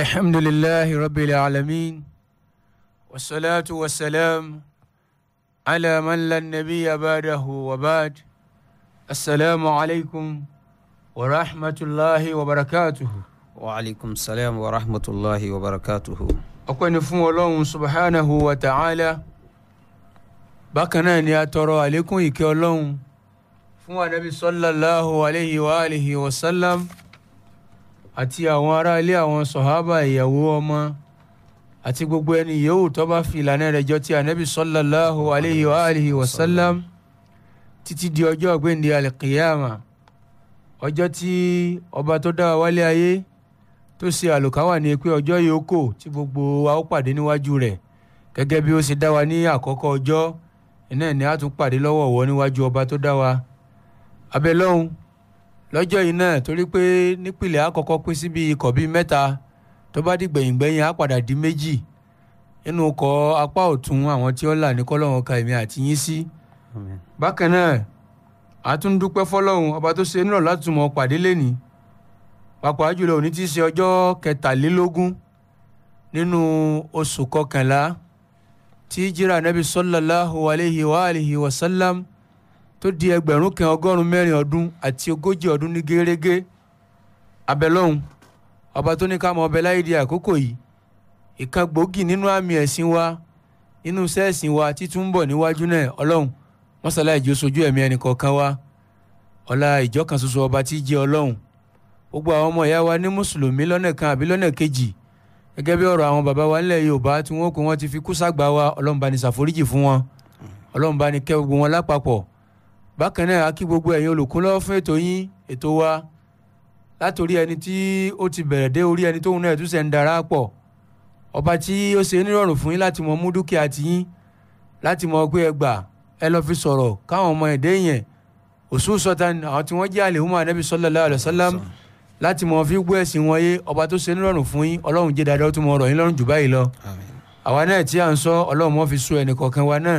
الحمد لله رب العالمين والصلاة والسلام على من لا نبي بعده وبعد السلام عليكم ورحمة الله وبركاته وعليكم السلام ورحمة الله وبركاته أكون فم الله سبحانه وتعالى بكنا يا ترى عليكم يكي الله فم النبي صلى الله عليه وآله وسلم àti àwọn ará ilé àwọn sọ̀hábà ìyàwó ọmọ àti gbogbo ẹni yòówù tó bá fi ìlànà rẹ̀ jọ ti ànábì sallallahu alayhi wa alihi wa sallam títí di ọjọ́ àgbéǹde alikiyama ọjọ́ tí ọba tó dá wa wálé ayé tó ṣe àlùkáwà ní pé ọjọ́ yìí ó kò tí gbogbo wa ó pàdé níwájú rẹ̀ gẹ́gẹ́ bí ó ṣe dá wa ní àkọ́kọ́ ọjọ́ iná ẹ̀ ní a tún níwájú ọba tó dá wa abẹ́ lọ́hùn lọ́jọ́ yìí náà torí pé nípìnlẹ̀ àkọ́kọ́ pín síbi ikọ̀ bíi mẹ́ta tó bá di gbẹ̀yìngbẹ̀yìn á padà di méjì nínú ikọ̀ apá ọ̀tún àwọn tí ó là ní kọ́lọ́hún ka èmi àti yín sí. bákan náà a tún dúpẹ́ fọlọ́hún ọba tó ṣe nírọ̀ láti mọ̀ pàdé lẹ́ni pàápàá jùlọ òní ti ṣe ọjọ́ kẹtàlélógún nínú oṣù kọkànlá tí jíra nabi sallallahu alayhi wa alihi wa tó di ẹgbẹ̀rún kan ọgọ́rùn-ún mẹ́rin ọdún àti ogójì ọdún ní gẹ́rẹ́gẹ́ abẹ́lọ́hún ọba tó ní ká mọ ọbẹ̀ láyé di àkókò yìí ìkan gbòógì nínú àmì ẹ̀sìn wa nínú sẹ́ẹ̀sìn wa títún ń bọ̀ níwájú náà ọlọ́hun mọ́sálá ìjọ sojú ẹ̀mí ẹnì kọ̀ọ̀kan wa ọ̀la ìjọ kan ṣoṣo ọba tí jẹ́ ọlọ́hun gbogbo àwọn ọmọ ìyá wa ní mùsùlùmí lọ́nà kan àbí lọ́nà kejì gẹ́gẹ́ bí ọ̀rọ̀ àwọn bàbá wa nílẹ̀ yorùbá tí wọ́n kó wọn ti fi kú sàgbà wa ọlọ́run bá ní ṣàforíjì fún wọn ọlọ́run bá ní kẹ́ gbogbo wọn lápapọ̀ bákan náà a kí gbogbo ẹ̀yin olùkúnlọ́ fún ètò yín ètò wa látòrí ẹni tí ó ti bẹ̀rẹ̀ dé orí ẹni tóun náà túnṣe ń darapọ̀ ọba tí ó ṣe nírọ̀rùn fún yín láti mọ mú dúkìá ti yín láti mọ pé ẹ gbà ẹ lọ fi sọ̀rọ̀ káwọn ọmọ ẹ̀dẹ́ yẹn òṣù sọ̀tàn àwọn tí wọ́n jẹ́ àlèhùnmọ́ ànábì sallallahu alaihi wasallam láti mọ fi gbọ́ ẹ̀sìn wọn yé ọba tó ṣe nírọ̀rùn fún yín ọlọ́run jẹ́ dáadáa ó tún mọ ọ̀rọ̀ yín lọ́rùn jù báyìí lọ àwa náà tí à ń sọ ọlọ́run mọ́ fi so ẹnìkọ̀ọ̀kan wa náà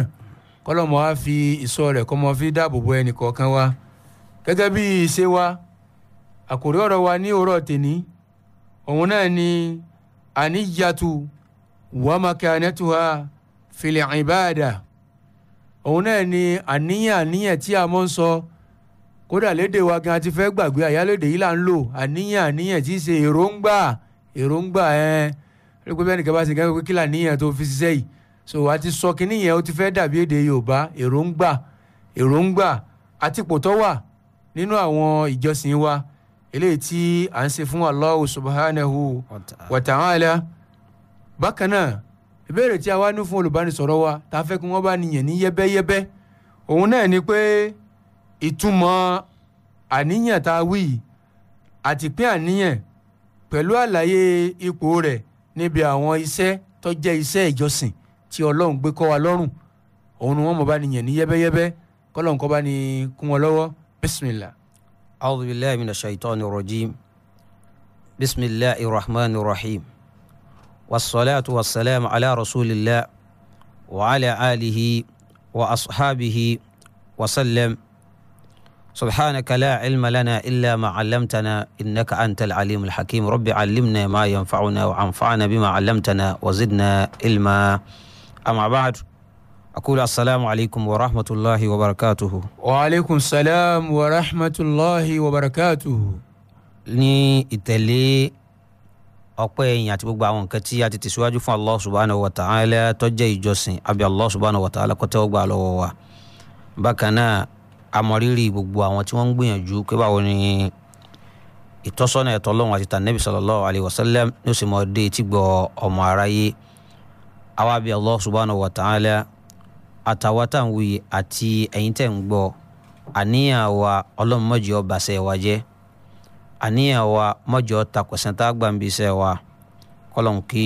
kọ́lọ́mọ á fi ìṣọ́ rẹ̀ kọ́mọ fi dáàbò bo ẹnì kọ̀ọ̀kan wa gẹ́gẹ́ bí ìṣe wa àkòrí ọ̀rọ̀ wa ní òórọ̀ tèní òun náà ni àníyàtú wàmàkànẹ́tùwà fìlẹ̀ ìbáàdà òun náà ni àníyàn àníyàn tí a mọ̀ ń sọ kódà lédè wa gan ti fẹ́ gbàgbé àyálédè yìí là ń lò àníyàn àníyàn tí í ṣe èròǹgbà èròǹgbà ẹ̀ ẹ́ rí pé bẹ́ẹ̀ nìkan bá ti gẹ́gẹ́ pé kí làníyàn tó fi ṣiṣẹ́ yìí so a ti sọ kínní yẹn ó ti fẹ́ dàbí èdè yorùbá èròǹgbà èròǹgbà àti ipò wà nínú àwọn ìjọsìn wa eléyìí tí à ń ṣe fún Allahu subhanahu wa ta'ala bákan náà ìbéèrè tí a wá ní fún olùbánisọ̀rọ̀ wa tá a fẹ́ kí wọ́n bá nìyẹn ní yẹ́bẹ́yẹ́bẹ́ òun náà ni pé ìtumọ̀ àníyàn tá a wí àti pín àníyàn pẹ̀lú àlàyé ipò rẹ̀ níbi àwọn iṣẹ́ tó jẹ́ iṣẹ́ ìjọsìn tí ọlọ́run gbé kọ́ wa lọ́rùn òun ni wọ́n mọ̀ bá ní yẹn ní yẹ́bẹ́yẹ́bẹ́ kọ́lọ́run kọ́ bá ní kún wọn lọ́wọ́ bisimilah. a'udhu billahi minash shaitani rajim bisimilahi rahmani rahim wasalaatu wasalaamu ala rasulillah wa ala alihi wa ashabihi wa sallam سبحانك لا علم لنا إلا ما علمتنا إنك أنت العليم الحكيم رب علمنا ما ينفعنا وأنفعنا بما علمتنا وزدنا علما أما بعد أقول السلام عليكم ورحمة الله وبركاته وعليكم السلام ورحمة الله وبركاته ní ìtẹ̀lé ọpẹ́ ẹ̀yìn àti gbogbo àwọn nǹkan tí a ti tẹ̀síwájú fún Allah subhanahu wa ta'ala tó ìjọsìn àbí Allah subhanahu wa ta'ala kó tẹ́wọ́ gbà wa bákan náà amọ̀rírì gbogbo àwọn tí wọ́n ń gbìyànjú pé báwo ni ìtọ́sọ́nà ẹ̀tọ́ Ọlọ́run àti tànẹ́bì sallallahu alaihi wasallam ní ó sì mọ̀ gbọ́ ọmọ aráyé àwa bí allah subhanahu wa ta'ala àtàwátà ń ati àti ẹ̀yin tẹ̀ ń gbọ́ wa ọlọ́mọdé ọba ṣe wa jẹ́ àníyàn wa mọ́jọ takọ̀sẹ́ntà gbàǹbì ṣe wa kọ́lọ́n kí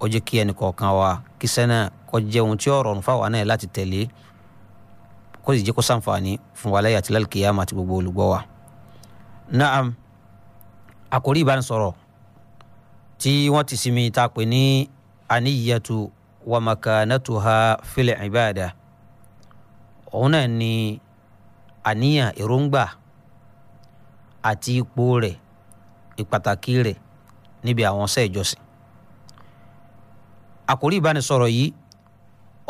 ó jẹ́ kí ẹnì kọ̀ọ̀kan wa kí sẹ́nà kó jẹ́ ohun tí ó rọrùn fáwa náà láti tẹ̀lé kó sì jẹ́ kó sàǹfààní fún wa láyé àti lálùkìyàmá àti gbogbo olùgbọ́ wa. naam àkórí ìbánisọ̀rọ̀ tí wọ́n ti sinmi tá a pè ní aniyatu wa makanatuha fil ibada òun náà ni àníyàn èròǹgbà ati ipò rẹ̀ ìpàtàkì rẹ̀ níbi àwọn ọ̀sẹ̀ ìjọsìn àkórí ìbánisọ̀rọ̀ yìí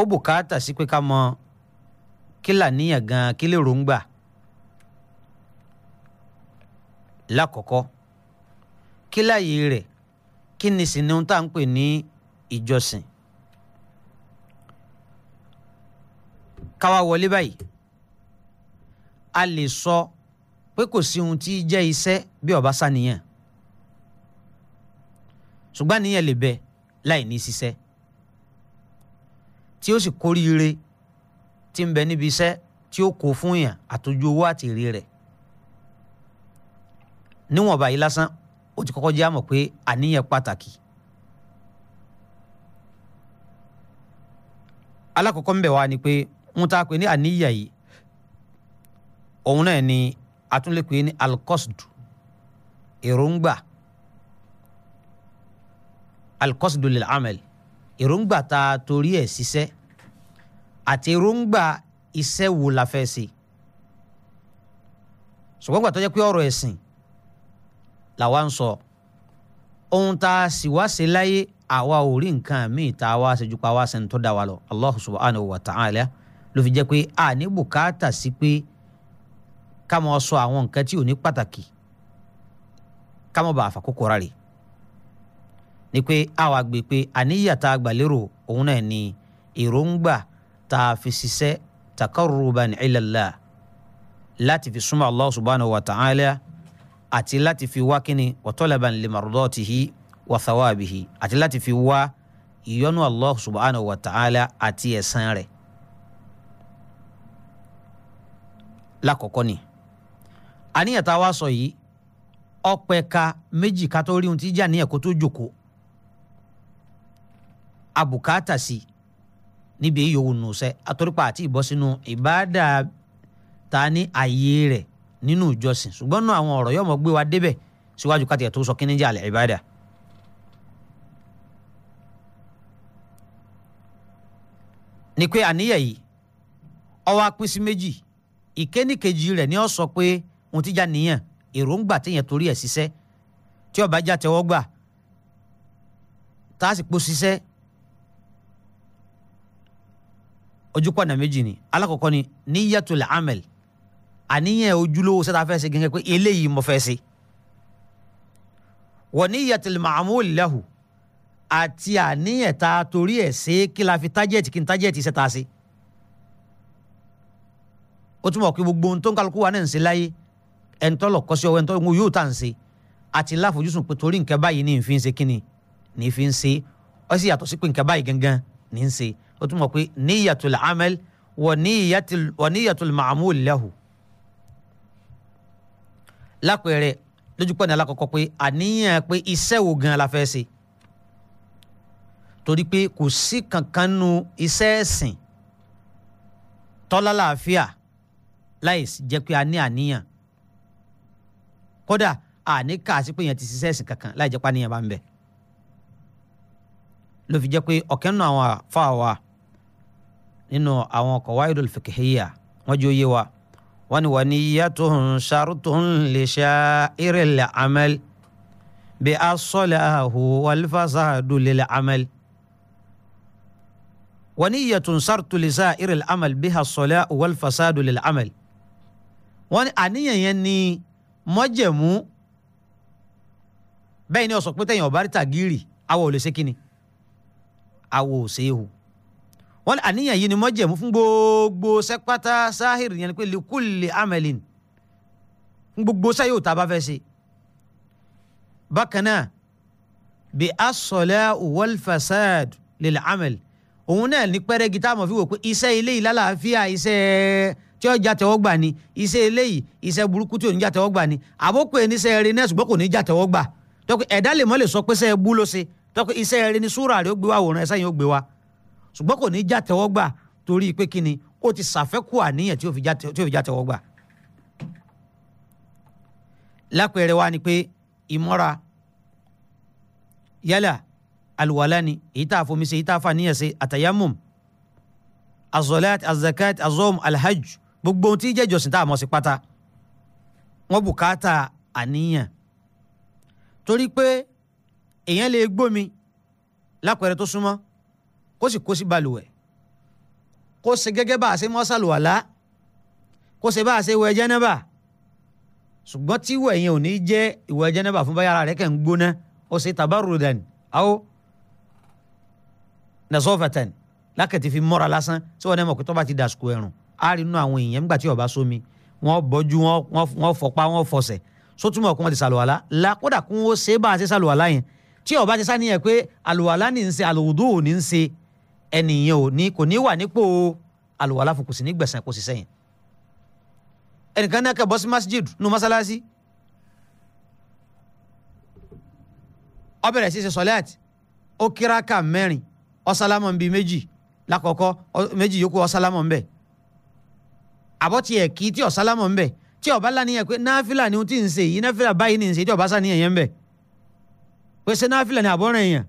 ó bùkátà sí pé ká mọ kí làníyàn gan kí lè ròǹgbà lákọ̀ọ́kọ́ kí láàyè rẹ̀ kí ni sì tá à ń pè ní ìjọsìn káwa wọlé báyìí a lè sọ pé kò sí ohun tí jẹ́ iṣẹ́ bí ọba sàníyàn ṣùgbọ́n àníyàn lè bẹ láì ní ṣiṣẹ́ tí ó sì kóríire tí ń bẹ níbi iṣẹ́ tí ó kó fún yàn àtòjú owó àti èrè rẹ̀ níwọ̀nba yìí lásán ó ti kọ́kọ́ jẹ́ àmọ̀ pé àníyàn pàtàkì alákọ̀ọ́kọ́ ńbẹ̀ wá ni pé ń ta pé ní àníyà yìí òun náà ni atúnlẹ̀pẹ́ ní alkosdu èròǹgbà alkosdu lil amel èròǹgbà ta torí ẹ̀ ṣiṣẹ́ àti èròǹgbà iṣẹ́ wo la fẹ́ ṣe ṣùgbọ́n gbà tó jẹ́ pé ọ̀rọ̀ ẹ̀sìn làwa sọ ohun tá sì wá ṣe láyé àwa ò rí nǹkan míì tá a wá ṣe ju pa wá sẹ́ni tó dá wa lọ allah subhanahu wa ta'ala ló fi jẹ́ pé a ní bùkátà sí pé ká mọ sọ àwọn nǹkan tí ò ní pàtàkì ká mọ bá àfàkókò rárẹ̀ ni pé a wá gbé pé àníyàn tá a gbà lérò òun náà ni èròǹgbà tá a fi ṣiṣẹ́ taqarruban ila Allah láti fi súnmọ́ allah subhanahu wa ta'ala àti láti fi wá kíni wa talaban li wa thawabihi àti láti fi wá ìyọ́nú allah subhanahu wa ta'ala àti ẹ̀san rẹ̀ lákọ̀ọ́kọ́ ni àníyàn tá a wá sọ yìí ọpẹ ka méjì ká tó rí ohun tí jà níyàn kó tó jòkó abùkátà sí níbi èyí yòówù nù sẹ àtòrípa àti ìbọ sínú ìbáàdà ta ní ààyè rẹ̀ nínú ìjọsìn ṣùgbọ́n náà àwọn ọ̀rọ̀ yóò gbé wa débẹ̀ síwájú ká tó sọ kí àlẹ́ ìbáàdà. ni pé àníyàn yìí ọwọ́ apín sí méjì ìkéníkejì rẹ̀ ni ó sọ pé òun ti já níyàn èròǹgbà téèyàn torí ẹ̀ ṣiṣẹ́ tí ó já tẹ́wọ́ gbà tá a sì po ṣiṣẹ́ ojúpọ̀nà méjì ni alákọ̀ọ́kọ́ ni níyàtul amẹl àníyàn ojúlówó sẹ́ta fẹ́ ṣe gẹ́gẹ́ pé eléyìí mo fẹ́ ṣe wọ́n níyàtul ma'amul àti àníyàn tá a torí ẹ̀ ṣe kí la fi tájẹ̀tì kí n tájẹ̀tì iṣẹ́ tá a ṣe. ó túmọ̀ pé gbogbo ohun tó ń kálukú wa náà ń ṣe láyé ẹni tó lọ kọ́ sí ọwọ́ ẹni tó yóò tà ń ṣe àti láfojúsùn pé torí nǹkan báyìí ní ìfi ń ṣe kíni ní ìfi ń ṣe ó sì yàtọ̀ sí pé nǹkan báyìí gangan ní ń ṣe ó túmọ̀ pé níyàtul amal wa níyàtul ma'mul lahu. lápẹẹrẹ lójú pọ̀ ní alákọ̀ọ́kọ́ pé àníyàn pé iṣẹ́ wo gan la fẹ́ ṣe torí pé kò sí kankan nu iṣẹ́ ẹ̀sìn tọ́lá làáfíà láì jẹ́ pé a ní àníyàn kódà àní kà sí pé yẹn ti ṣiṣẹ́ ẹ̀sìn kankan láì jẹ́ pé àníyàn bá ń bẹ ló fi jẹ́ pé ọ̀kẹ́ nínú àwọn àfáàwà nínú àwọn qawaidul fiqhiyya wọ́n jẹ́ òye wa wọ́n ní waniyyatuhun shartun li sha'iril amal bi as-salahu wal fasadu lil amal waniyatun sartu lisa iril amal biha sola wal fasadu lil amal wọ́n ní àníyàn yẹn ni mọ́jẹ̀mú bẹ́ẹ̀ ni ó sọ pé tẹ̀yìn ọ̀bá rí tàgírì awọ ò lè ṣe kíni awọ ò ṣe é hù wọ́n ní àníyàn yìí ni mọ́jẹ̀mú fún gbogbo sẹ́pátá sáhìrì yẹn pé likuli amalin fún gbogbo sáyé òtá bá fẹ́ ṣe bákan náà bi asọ̀lá wal lil amal òun náà ní pẹ́rẹ́gì táwọn fi wò pé iṣẹ́ ilé yìí lálàáfíà iṣẹ́ tí ó jàtẹ̀wọ́gbà ni iṣẹ́ ilé yìí burúkú tí ò ní jàtẹ̀wọ́gbà ni àbókù ẹni iṣẹ́ eré náà ṣùgbọ́n kò ní jàtẹ̀wọ́gbà tọ́kù ẹ̀dá lè mọ́ lè sọ pé iṣẹ́ bú ló ṣe tọ́kù iṣẹ́ eré ni súrà rẹ̀ ó gbé wa òòrùn ẹ̀sẹ̀ yẹn ó gbé wa ṣùgbọ́n kò ní jàtẹ̀wọ́gbà torí pé kí ni ó ti ṣàfẹ́kù àníyàn tí ó fi jàtẹ̀wọ́gbà. lápẹẹrẹ wa ni pé ìmọ́ra yálà Alwalani ni èyí tá a fomi ṣe èyí tá a fàníyàn ṣe àtàyàmùm azolat azakat azom alhaj gbogbo ohun tí jẹ́ ìjọsìn tá a mọ̀ sí pátá wọ́n bùkátà àníyàn torí pé èèyàn lè gbómi lápẹẹrẹ tó súnmọ́ kó sì kó sí balùwẹ̀ kó ṣe gẹ́gẹ́ bá a ṣe mọ́ sàlùwàlá kó ṣe bá a ṣe wẹ̀ jẹ́nẹ́bà ṣùgbọ́n tí yẹn ò ní jẹ́ ìwẹ̀ jẹ́nẹ́bà fún báyà ara rẹ̀ kẹ́ ń gbóná ó ṣe tabarudan awo nasọ́fẹ̀tẹ̀n lákàtí fi mọ́ra lásán tí wọ́n dẹ́mọ̀ pé tọ́ba ti dàsùkò ẹ̀rùn á rí inú àwọn èèyàn nígbà tí ọba sómi wọ́n bọ́jú wọ́n fọpá wọ́n fọsẹ̀ sótúmọ̀ kí wọ́n ti sàlùwàlá la kódà kí wọ́n ṣe bá a ṣe sàlùwàlá yẹn tí ọba ti sáníyàn pé àlùwàlá ní ń ṣe àlùwùdó ò ní ń ṣe ẹnìyàn ò ní kò ní wà nípò àlùwàlá fún kò sí ní gbẹ̀sán kò sí sẹ́yìn ẹnìkan náà kẹ́ ọsálámọ̀ ń bi méjì lákọ̀ọ́kọ́ méjì yòókù ọsálámọ̀ ń bẹ̀ àbọ̀tì ẹ̀ kí tí ọsálámọ̀ ń bẹ̀ tí ọba láníyàn pé náfìlà ni ohun tí ń ṣe yìí náfìlà báyìí ni ń ṣe tí ọba sáníyàn yẹn ń pé ṣé náfìlà ni àbọ̀ràn èèyàn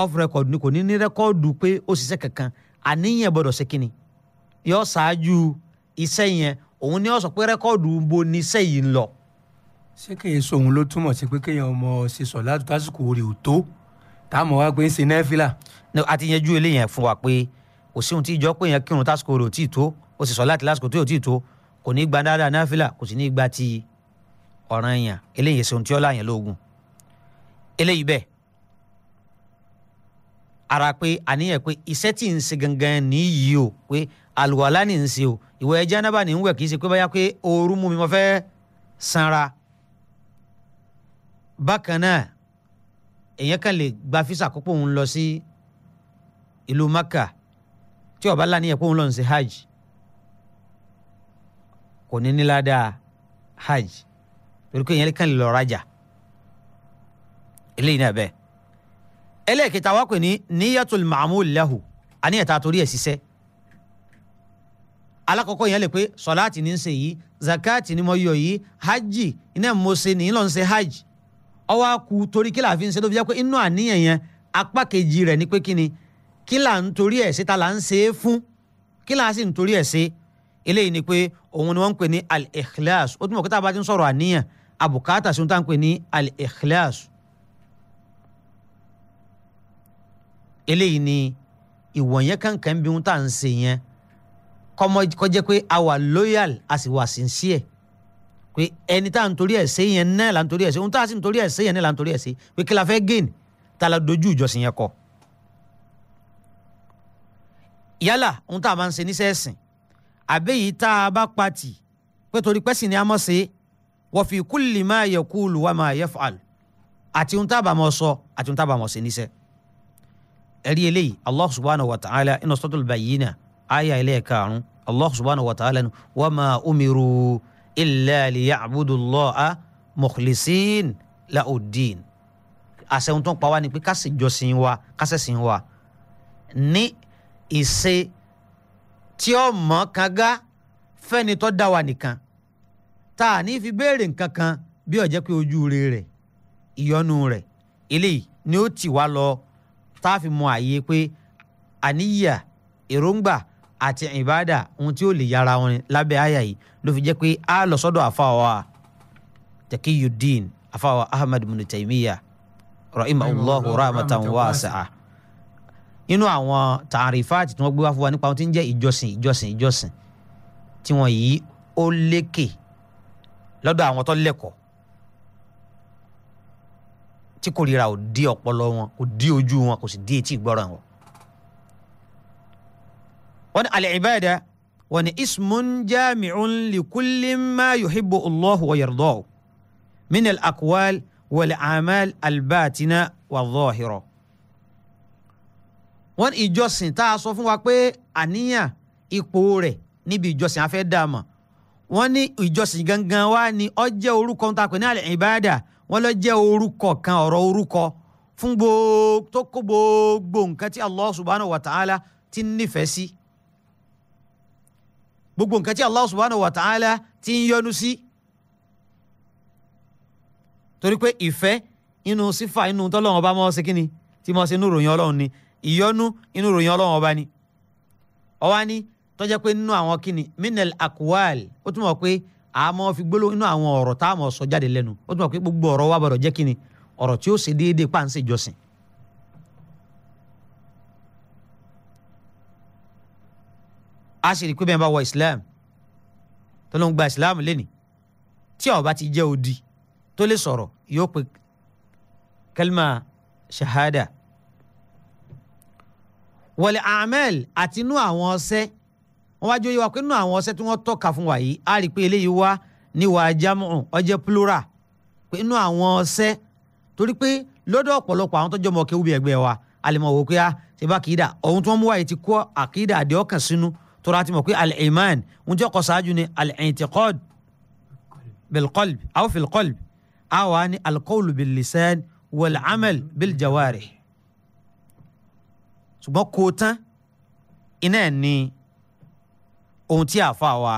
off record ni kò ní ní rẹ́kọ́ọ̀dù pé ó ṣiṣẹ́ kankan àníyàn gbọ́dọ̀ ṣe kíni yọ ṣáájú iṣẹ́ yẹn òun ni ó sọ pé rẹ́kọ́ọ̀dù bo ni iṣẹ́ yìí ń lọ. ṣé kèye sóhun ló túmọ̀ sí pé kéèyàn ọmọ ṣe sọ̀ láti tásìkò rè ò tó táàmù wa pé ń ṣe nẹ́fìlà. a ti yanjú eléyẹn fún wa pé kò sí ohun tí ìjọ pé yẹn kírun tásìkò rò tí ì tó ó sì sọ láti lásìkò tí ò tí ì tó kò ní gba dáadáa nẹ́fìlà kò sì ní gba ti ọ̀ràn èèyàn eléyìí ṣe ohun tí ó láyàn lóògùn eléyìí bẹ́ẹ̀ ara pé àníyàn pé iṣẹ́ tí ń ṣe gangan nìyí o pé àlùwàlá ni ń ṣe o ìwẹ̀ jánábà ni ń wẹ̀ kì í ṣe pé báyà pé ooru mú mi mo fẹ́ sanra bákan náà èèyàn kan lè gba fisa kó pòun lọ sí ìlú maka tí ó bá lánìyàn pòun lọ ń ṣe hajj kò ní níláda hajj torí pé èèyàn kan lè lọ rajà eléyìí náà bẹ́ẹ̀ ẹlẹ́ẹ̀kẹta wá pè ní níyàtul ma'mul lahu àníyàn tá a torí ẹ̀ ṣiṣẹ́ alakọkọ yẹn lè pé sọláàtì ní ń ṣe yìí zakati ni mo yọ yìí hajj iná mo ṣe ní ló ń ṣe hajj ọwọ́ akú torí kí la fi ń ṣe tó fi jẹ́ pé inú àníyàn yẹn apá kejì rẹ̀ ni pé kí ni kí là ń torí ẹ̀ ṣe ta là ń ṣe é fún kí là sì ń torí ẹ̀ ṣe eléyìí ni pé òun ni wọ́n ń pè ní al-ikhlas ó túnbọ̀ kí bá ti ń sọ̀rọ̀ àníyàn àbùkátà sí ohun tá ń pè ní al-ikhlas eléyìí ni ìwọ̀nyẹn kankan bí ohun tá à ń ṣe yẹn kó pé a wà loyal a sì wà sincere pé ẹni tá à ń torí ẹ̀ ṣe yẹn náà là ń torí ẹ̀ ṣe ohun tá à sì ń torí ẹ̀ ṣe yẹn náà là ń torí ẹ̀ ṣe pé kí la fẹ́ gain tá la dojú ìjọsìn yẹn kọ. yálà ohun tá a máa ń ṣe níṣẹ́ ẹ̀sìn àbẹ́yìí tá a bá pati pé torí pẹ́sìn ni a mọ̀ ṣe wa fi kulli ma yaqulu wa ma yaf'al àti ohun tá a bá mọ̀ sọ àti ohun tá a bá mọ̀ ṣe níṣẹ́ ẹ̀rí eléyìí allah subhanahu wa ta'ala umiru illa liya'budullaha mukhlisin la'uddin àṣẹun tó ń pa wá ni pé ká sì jọ́sìn wa ká ṣẹ̀sìn wa ní ìṣe tí ó mọ̀ kanga fẹ́ni tó dá wa nìkan tá a ní fi béèrè nǹkan kan bí ó jẹ́ pé ojú rẹ̀ ìyọ́nú rẹ̀ eléyìí ni ó tì wá lọ tá a fi mọ àyè pé àníyà èròǹgbà àti ìbádà ohun tí ó lè yára wọn lábẹ́ àyà yìí ló fi jẹ́ pé a lọ sọ́dọ̀ àfàwà Taqiyuddin àfàwà Ahmad ibn Taymiyyah rahimahullahu rahmatan wasi'a inú àwọn tààrífàtì tí wọ́n gbé wá fún wa nípa ohun tí ń jẹ́ ìjọsìn ìjọsìn ìjọsìn tí wọ́n yí ó lékè lọ́dọ̀ àwọn tó lẹ́kọ̀ọ́ tí kò ríra ò dí ọpọlọ wọn kò dí ojú wọn kò sì dí etí ìgbọ́ràn wọn. wọ́n ní al-ibada wọ́n ní ismun jami'un likulli ma yuhibbu allahu wa yardahu min al-aqwal wal amal al-batina wa dhahira wọ́n ìjọsìn tá a sọ fún wa pé àníyàn ipò rẹ̀ níbi ìjọsìn afẹ́ dààmú wọ́n ní ìjọsìn gangan wa ni ó jẹ́ orúkọ tá a pè ní àlẹ́ ìbáàdà wọ́n lọ jẹ́ orúkọ kan ọ̀rọ̀ orúkọ fún gbogbo tó kó gbogbo nǹkan tí Allah subhanahu wa ta'ala ti nífẹ̀ẹ́ sí. Si gbogbo nǹkan tí Allah subhanahu wa ta'ala ti ń yọ́nú sí torí pé ìfẹ́ inú sífà inú tọ́lọ́run ọba mọ́ ṣe tí mo ṣe inú ròyìn ọlọ́run ni inú ròyìn ọba ni ọwa ni tọ́jà pé nínú àwọn minel akwal ó túmọ̀ pé àmọ́ fi gbólóhùn inú àwọn ọ̀rọ̀ a jáde lẹ́nu ó pé gbogbo ọ̀rọ̀ wa a sì rí i pé bẹ́ẹ̀ bá wọ islam tó ló ń gba islam lénìí tí ó bá ti jẹ́ odi tó lè sọ̀rọ̀ yóò pe kalima shahada wọlé amel àti inú àwọn ọsẹ wọn wá jó yẹ wa pé inú àwọn ọsẹ tí wọn tọ́ka fún wa yìí a rí i pé eléyìí wá níwà jamu ó jẹ́ plural pé inú àwọn ọsẹ torí pé lọ́dọ̀ ọ̀pọ̀lọpọ̀ àwọn tó jọmọ kéwú bí ẹgbẹ́ wa alimọ̀ wò pé a ah, ṣe bá kìí dà ohun tí wọ́n mú wáyé ti kó àkìí dà àdéhọ́kàn sínú tora ti mọ̀ pé al-iman ń jẹ́ kọ́ ṣáájú ni al-i'tiqad bil-qalb aw fil-qalb àwa ni al-qawl bil-lisan wal-amal bil-jawarih ṣùgbọ́n kó tán iná ẹ̀ ni ohun tí a fa wa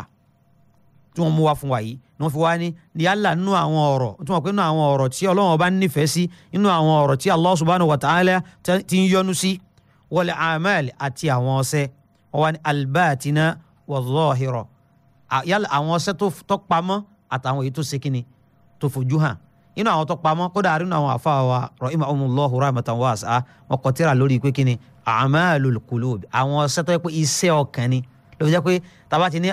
tí wọ́n mú wa fún wa yìí ni wọ́n fi wá ní yálà nínú àwọn ọ̀rọ̀ tí wọ́n pè nínú àwọn ọ̀rọ̀ tí Ọlọ́run ọba nífẹ̀ẹ́ sí nínú àwọn ọ̀rọ̀ tí Allah subhanahu ti ń yọ́nú sí wal-amal àti àwọn ọ̀sẹ̀ wọ́n wá ní albatina wa zahira yálà àwọn ọṣẹ tó pamọ́ àtàwọn èyí tó ṣe kíni tó fojú hàn inú àwọn tó pamọ́ kódà àrínú àwọn àfa wa rahimahumullahu rahmatan wasi'a wọn kọ tírà lórí pé kíni a'malul qulub àwọn ọṣẹ tó yẹ pé iṣẹ́ ọkàn ni ló fi jẹ́ pé tàbá ti ní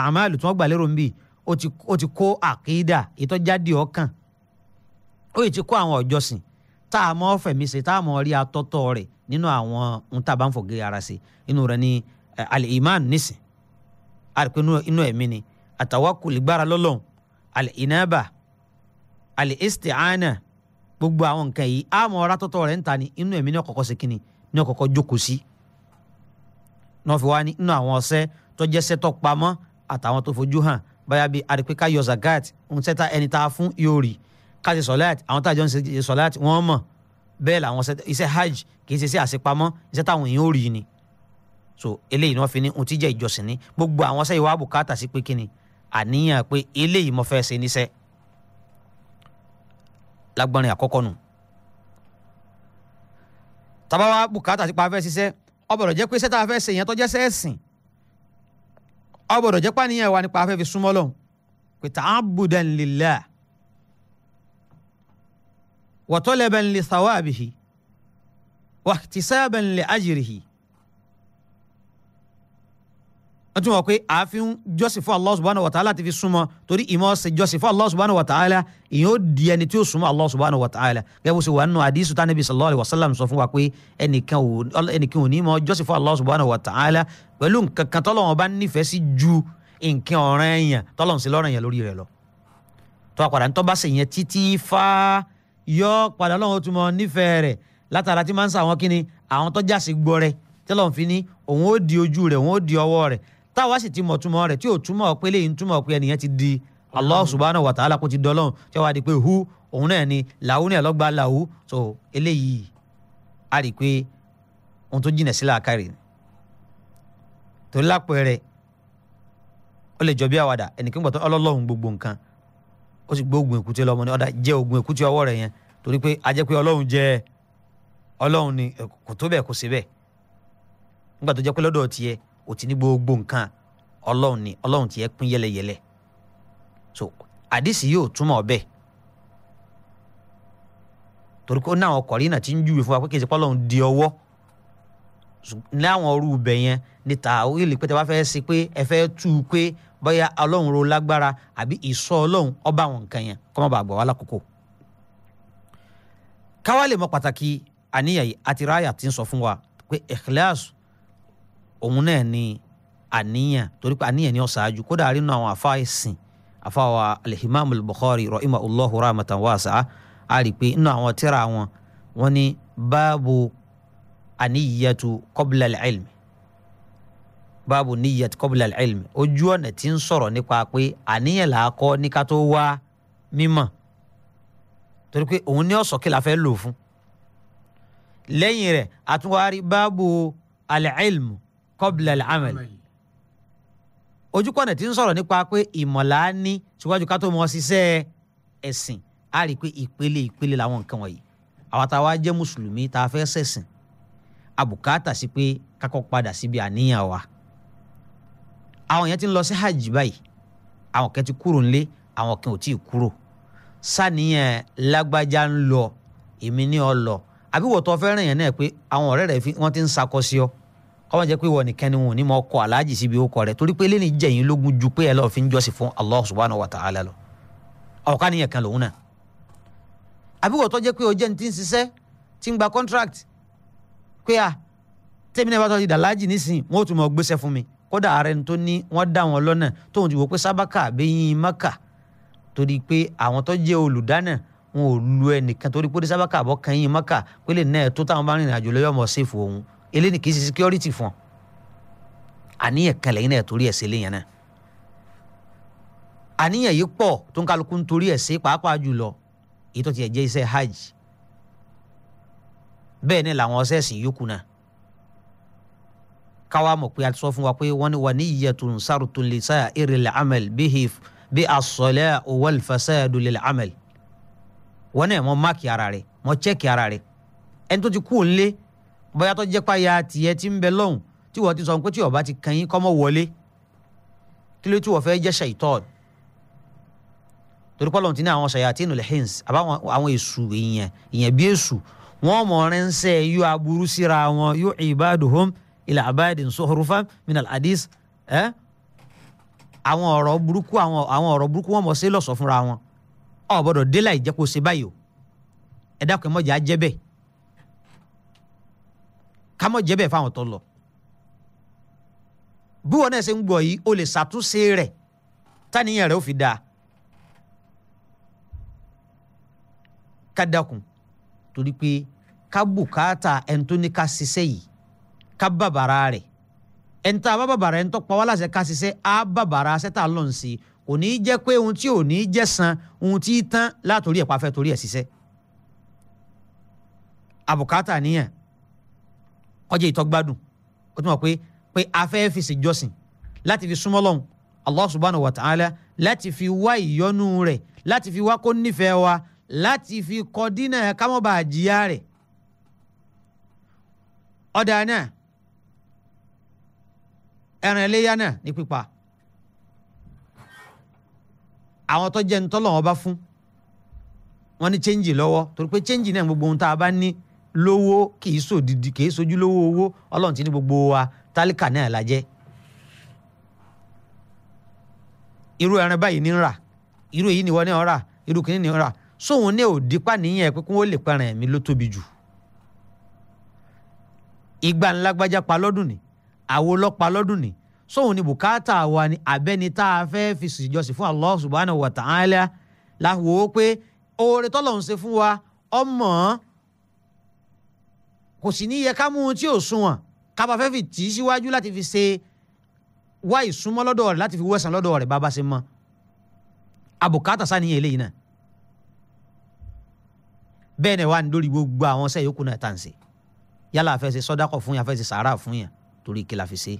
a'malu tí wọ́n gbà lérò ń bì ó ti kó àkídà ìtọ́jáde ọkàn ó yìí ti kó àwọn ọ̀jọ́sìn tá a mọ̀ fẹ̀mí ṣe tá a mọ̀ rí atọ́tọ́ rẹ̀ nínú àwọn ohun tá ń fògé ara ṣe inú rẹ̀ ni al-iman nísìn àrùkú inú ẹ̀mí ni àtàwákùl ìgbára lọ́lọ́hún al-inaba al-isti'ana gbogbo àwọn nǹkan yìí àmọ́ ọ̀rá tọ́tọ́ rẹ̀ ń ta ni inú ẹ̀mí ní ọ̀kọ̀ọ̀kọ̀ sí kínni ní ọ̀kọ̀ọ̀kọ̀ jókòó sí náà fi wá ní inú àwọn ọ̀sẹ́ tó jẹ́ sẹ́tọ̀ pamọ́ àtàwọn tó fojú hàn báyà bíi àdìpẹ́ká yọ zakat ń sẹ́ta ẹni tá fún yóò rí ká àwọn tá a jọ ń ṣe sọ̀láàtì wọ́n mọ̀ bẹ́ẹ̀ làwọn iṣẹ́ hajj kì í ṣe sí àṣepamọ́ iṣẹ́ táwọn èèyàn ò rí ni so eléyìí ni wọ́n fi ní ohun tí jẹ́ ìjọsìn ní gbogbo àwọn sẹ́yìn wá bùkátà sí pé kíni àníyàn pé eléyìí mo fẹ́ ṣe níṣẹ́ lágbọ́nrin àkọ́kọ́ nù tábà wá bùkátà sí pa fẹ́ ṣiṣẹ́ ọbọ̀dọ̀ jẹ́ pé sẹ́ta fẹ́ ṣe yẹn tó jẹ́ sẹ́ẹ̀sìn ọbọ̀dọ̀ jẹ́ pàníyàn wà nípa afẹ́ fi súnmọ́ lọ́hùn pé ta'abudan lillah wa talaban li thawabihi wa ihtisaban li ajrihi wọ́n tún wọ̀ pé ààfin jọ́sìn fún Allah subhanahu wa ta'ala ti fi súnmọ́ torí ìmọ̀ ṣe jọ́sìn fún Allah subhanahu wa ta'ala ìyẹn ó di ẹni tí ó súnmọ́ Allah subhanahu wa ta'ala gẹ́gẹ́ bó ṣe wà nínú àdìsù tá níbi sallallahu alaihi wasallam sọ fún wa pé ẹnìkan ò ní mọ̀ jọ́sìn fún Allah subhanahu wa ta'ala pẹ̀lú nǹkan kan tọ́lọ́run bá nífẹ̀ẹ́ sí ju nǹkan ọ̀ràn èèyàn tọ́lọ́run sí lọ́ràn èèyàn lórí rẹ̀ lọ tó a padà ń tọ́ba sèyẹn títí fa yọ padà lọ́wọ́ tó mọ nífẹ̀ẹ́ rẹ̀ látara táwa sì ti mọ̀ túmọ̀ rẹ̀ tí ò túmọ̀ pé lẹ́yìn túmọ̀ pé ẹnìyẹn ti di Allah subhanahu wa ta'ala kò ti dọ́lọ́hùn tí wàá di pé hu òun náà ni làwù ní ẹlọ́gba làwù so eléyìí a rí i pé ohun tó jìnà sílẹ̀ àkàrẹ̀ ni torí lápẹ̀rẹ̀ ó lè jọ bí àwàdà ẹnìkan gbọ́dọ̀ ọlọ́lọ́hùn gbogbo nǹkan ó sì gbé oògùn èkúté lọ́mọ ní ọ̀dà jẹ́ oògùn èkúté ọwọ́ rẹ̀ yẹn torí pé a jẹ́ pé ọlọ́hùn jẹ́ ọlọ́hùn ni kò tó bẹ́ẹ̀ kò sí bẹ́ẹ̀ nígbà tó jẹ́ pé lọ́dọ̀ tiẹ̀ o ti ní gbogbo nǹkan ọlọ́run ni ọlọ́run ti yẹ pín yẹlẹyẹlẹ so àdìsí yóò túmọ̀ bẹ́ẹ̀ torí pé ó náà ọkọ̀ rí náà ti ń júwe fún wa pé kì í ṣe pé ọlọ́run di ọwọ́ láwọn ọrú ibẹ̀ yẹn ni tàwílì pé tẹ bá fẹ́ ṣe pé ẹ fẹ́ tú u pé bóyá ọlọ́run ro lágbára àbí ìsọ ọlọ́run ọba àwọn nǹkan yẹn kọ́ má bàa gbà wá lákòókò. káwá lè mọ pàtàkì àníyàn àti ráyà ti ń sọ fún wa pé ikhlas òun náà ni àníyàn torí pé àníyàn ni ó ṣáájú kódà àrínú àwọn àfa ẹ̀sìn àfa wa al-Imam al-Bukhari rahimahullahu rahmatan wasi'a á rí i pé nínú àwọn tírà wọn wọn ni báàbù àníyàtu qabla al-ilmi báàbù níyàtu qabla al-ilmi ojú ọ̀nà tí ń sọ̀rọ̀ nípa pé àníyàn là á kọ́ ní ká tó wá mímọ̀ torí pé òun ní ọ̀sọ̀ kí la fẹ́ lò fún lẹ́yìn rẹ̀ àtúwárí báàbù al-ilmu kọ́bìlẹ̀ làmẹ́l ojúkọ̀nà tí ń sọ̀rọ̀ nípa pé ìmọ̀lá ní síwájú ká tó mọ ṣiṣẹ́ ẹ̀sìn á rí i pé ìpele ìpele làwọn nǹkan wọ̀nyí àwa tá a wá jẹ́ mùsùlùmí tá a fẹ́ ṣẹ̀sìn àbùkátà sí pé kákọ́ padà síbi àníyàn wa àwọn yẹn ti ń lọ sí hajj báyìí àwọn kan ti kúrò nílé àwọn kan ò tí ì kúrò sàníyàn lágbájá ń lọ èmi ní ọ lọ àbí wọ́n tó fẹ́ràn yẹn náà pé àwọn ọ̀rẹ́ rẹ̀ wọ́n ti ń sakọ sí ọ kọ́mọ jẹ́ pé wọ́n nìkan ni wọn ò ní mọ ọkọ̀ aláàjì síbi ọkọ̀ rẹ̀ torí pé eléyìí jẹ̀yìn lógún ju pé ẹ lọ́ọ́ fi ń jọ́sìn fún Allah subhanahu wa ta'ala lọ. ọ̀ká nìyẹn kan lòun náà. àbíwọ̀ jẹ́ pé o ní ti ń ṣiṣẹ́ ti ń gba contract pé a tẹ́mi náà bá tọ́ di dàlájì nísìnyí wọ́n ò tún mọ gbéṣẹ́ fún mi kódà ààrẹ tó ní wọ́n dá wọn lọ́nà tóun ti wò pé sábàkà àbẹ́yìn mọ́kà torí pé àwọn tó jẹ́ olùdánà wọn ò lu ẹnìkan torí pé sábàkà àbọ̀ kan yín mọ́kà pé náà tó táwọn bá rìnrìn àjò lọ́yọ́ mọ́ sèfù òun eléyìí kì í ṣe security fún ọ àníyàn kan lẹ́yìn náà torí ẹ̀ ṣe léyìn náà àníyàn yìí pọ̀ tó ń kálukú ń torí ẹ̀ ṣe pàápàá jùlọ èyí tó tiẹ̀ jẹ́ iṣẹ́ hajj bẹ́ẹ̀ ni làwọn ọ̀sẹ̀ ẹ̀sìn yòókù náà káwa mọ̀ pé a ti sọ fún wa pé wọ́n ní wà ní iyatun sarutun lè sáyà iril amal bihif bí asọ̀lẹ̀ wal fasadu lil amal wọ́n náà mọ̀ máàkì ara rẹ̀ mọ̀ chẹ́kì ara rẹ̀ ẹni tó ti kú òun lé bóyá tó jẹ́ páyà tiẹ̀ ti ń bẹ lọ́hùn tí wọ́n ti sọ pé tí ọba ti kàn yín kọ́mọ wọlé kí ló tí wọ́n fẹ́ jẹ́ ṣàìtọ́ọ̀d torí pọ́lọ́n ti ní àwọn ṣàyàtínú lẹ́hìns àbáwọn èṣù ìyẹn ìyẹn bí èṣù wọ́n mọ̀ ránṣẹ́ yóò aburú síra wọn yóò ibaduhum ila abadin suhrufa minal hadis àwọn ọ̀rọ̀ burúkú àwọn ọ̀rọ̀ burúkú wọ́n mọ̀ sí lọ́sọ̀ fúnra wọn ọ̀ délà ìjẹ́kọ̀ọ́ báyìí o ẹ mọ̀jà á jẹ́ bẹ́ẹ̀ ká mọ̀ jẹ́ bẹ́ẹ̀ fáwọn tó lọ bí wọn náà ṣe ń gbọ́ yìí o lè ṣàtúnṣe rẹ̀ táníyàn rẹ̀ ó fi dáa ká dákun torí pé ká bùkátà ẹni tó ní ká ṣiṣẹ́ yìí ká bàbàrà rẹ̀ ẹni tá a bá bàbàrà ẹni tó pa wá láṣẹ ká ṣiṣẹ́ á bàbàrà ṣẹ́tà lọ́n sí kò ní í jẹ́ pé ohun tí ò ní í jẹ́ san ohun tí í tán látòrí ẹ̀ pàfẹ́ torí ẹ̀ ṣiṣẹ́ àbùkátà níyàn kọjá ìtọ́gbádùn ó tún mọ̀ pé pé afẹ́ fi ṣèjọsìn láti fi súnmọ́ lọ́hùn allah subhanahu wa ta'ala láti fi wá ìyọ́nú rẹ̀ láti fi wá kó nífẹ̀ẹ́ wa láti fi kọ dínà kámọ́bà àjíyá rẹ̀ ọ̀dà náà ẹran ẹlẹ́yà náà ní pípa àwọn tó jẹ́ ń tọ́lọ̀ bá fún wọn ní chẹ́ńjì lọ́wọ́ torí pé chẹ́ńjì náà gbogbo ohun tá a bá ní lówó kì í sòdìdì kì í sojú lówó owó ọlọ́run ti ní gbogbo wa tálíkà náà la irú ẹran báyìí ní rà irú èyí ni wọ́n ní ọ̀rà irú kìíní ni ọ̀rà sóhun ní òdìpá nìyẹn pé kí wọ́n lè pẹ̀rẹ̀ mi ló tóbi jù igba ńlágbájá pa lọ́dún ni àwo lọ́pa lọ́dún ni sóhun ni bùkátà wa ni abẹ́ni tá a fẹ́ fi ṣèjọsìn fún Allah subhanahu wa ta'ala láwo pé oore tọ́lọ́hún ṣe fún wa ọmọ kò sì ní yẹ ká mú un tí ò sunwọ̀n ká bá fẹ́ fi tì í síwájú láti fi ṣe wá ìsúnmọ́ lọ́dọ̀ rẹ̀ láti fi wẹ̀sán lọ́dọ̀ rẹ̀ bàbá ṣe mọ́ abùkátà sáníyàn eléyìí náà bẹ́ẹ̀ ni wà ní lórí gbogbo àwọn sẹ́yìn yòókù náà tà yálà fẹ́ ṣe sọ́dákọ̀ fún yàn fẹ́ ṣe sàárà fún yàn torí kí la fi ṣe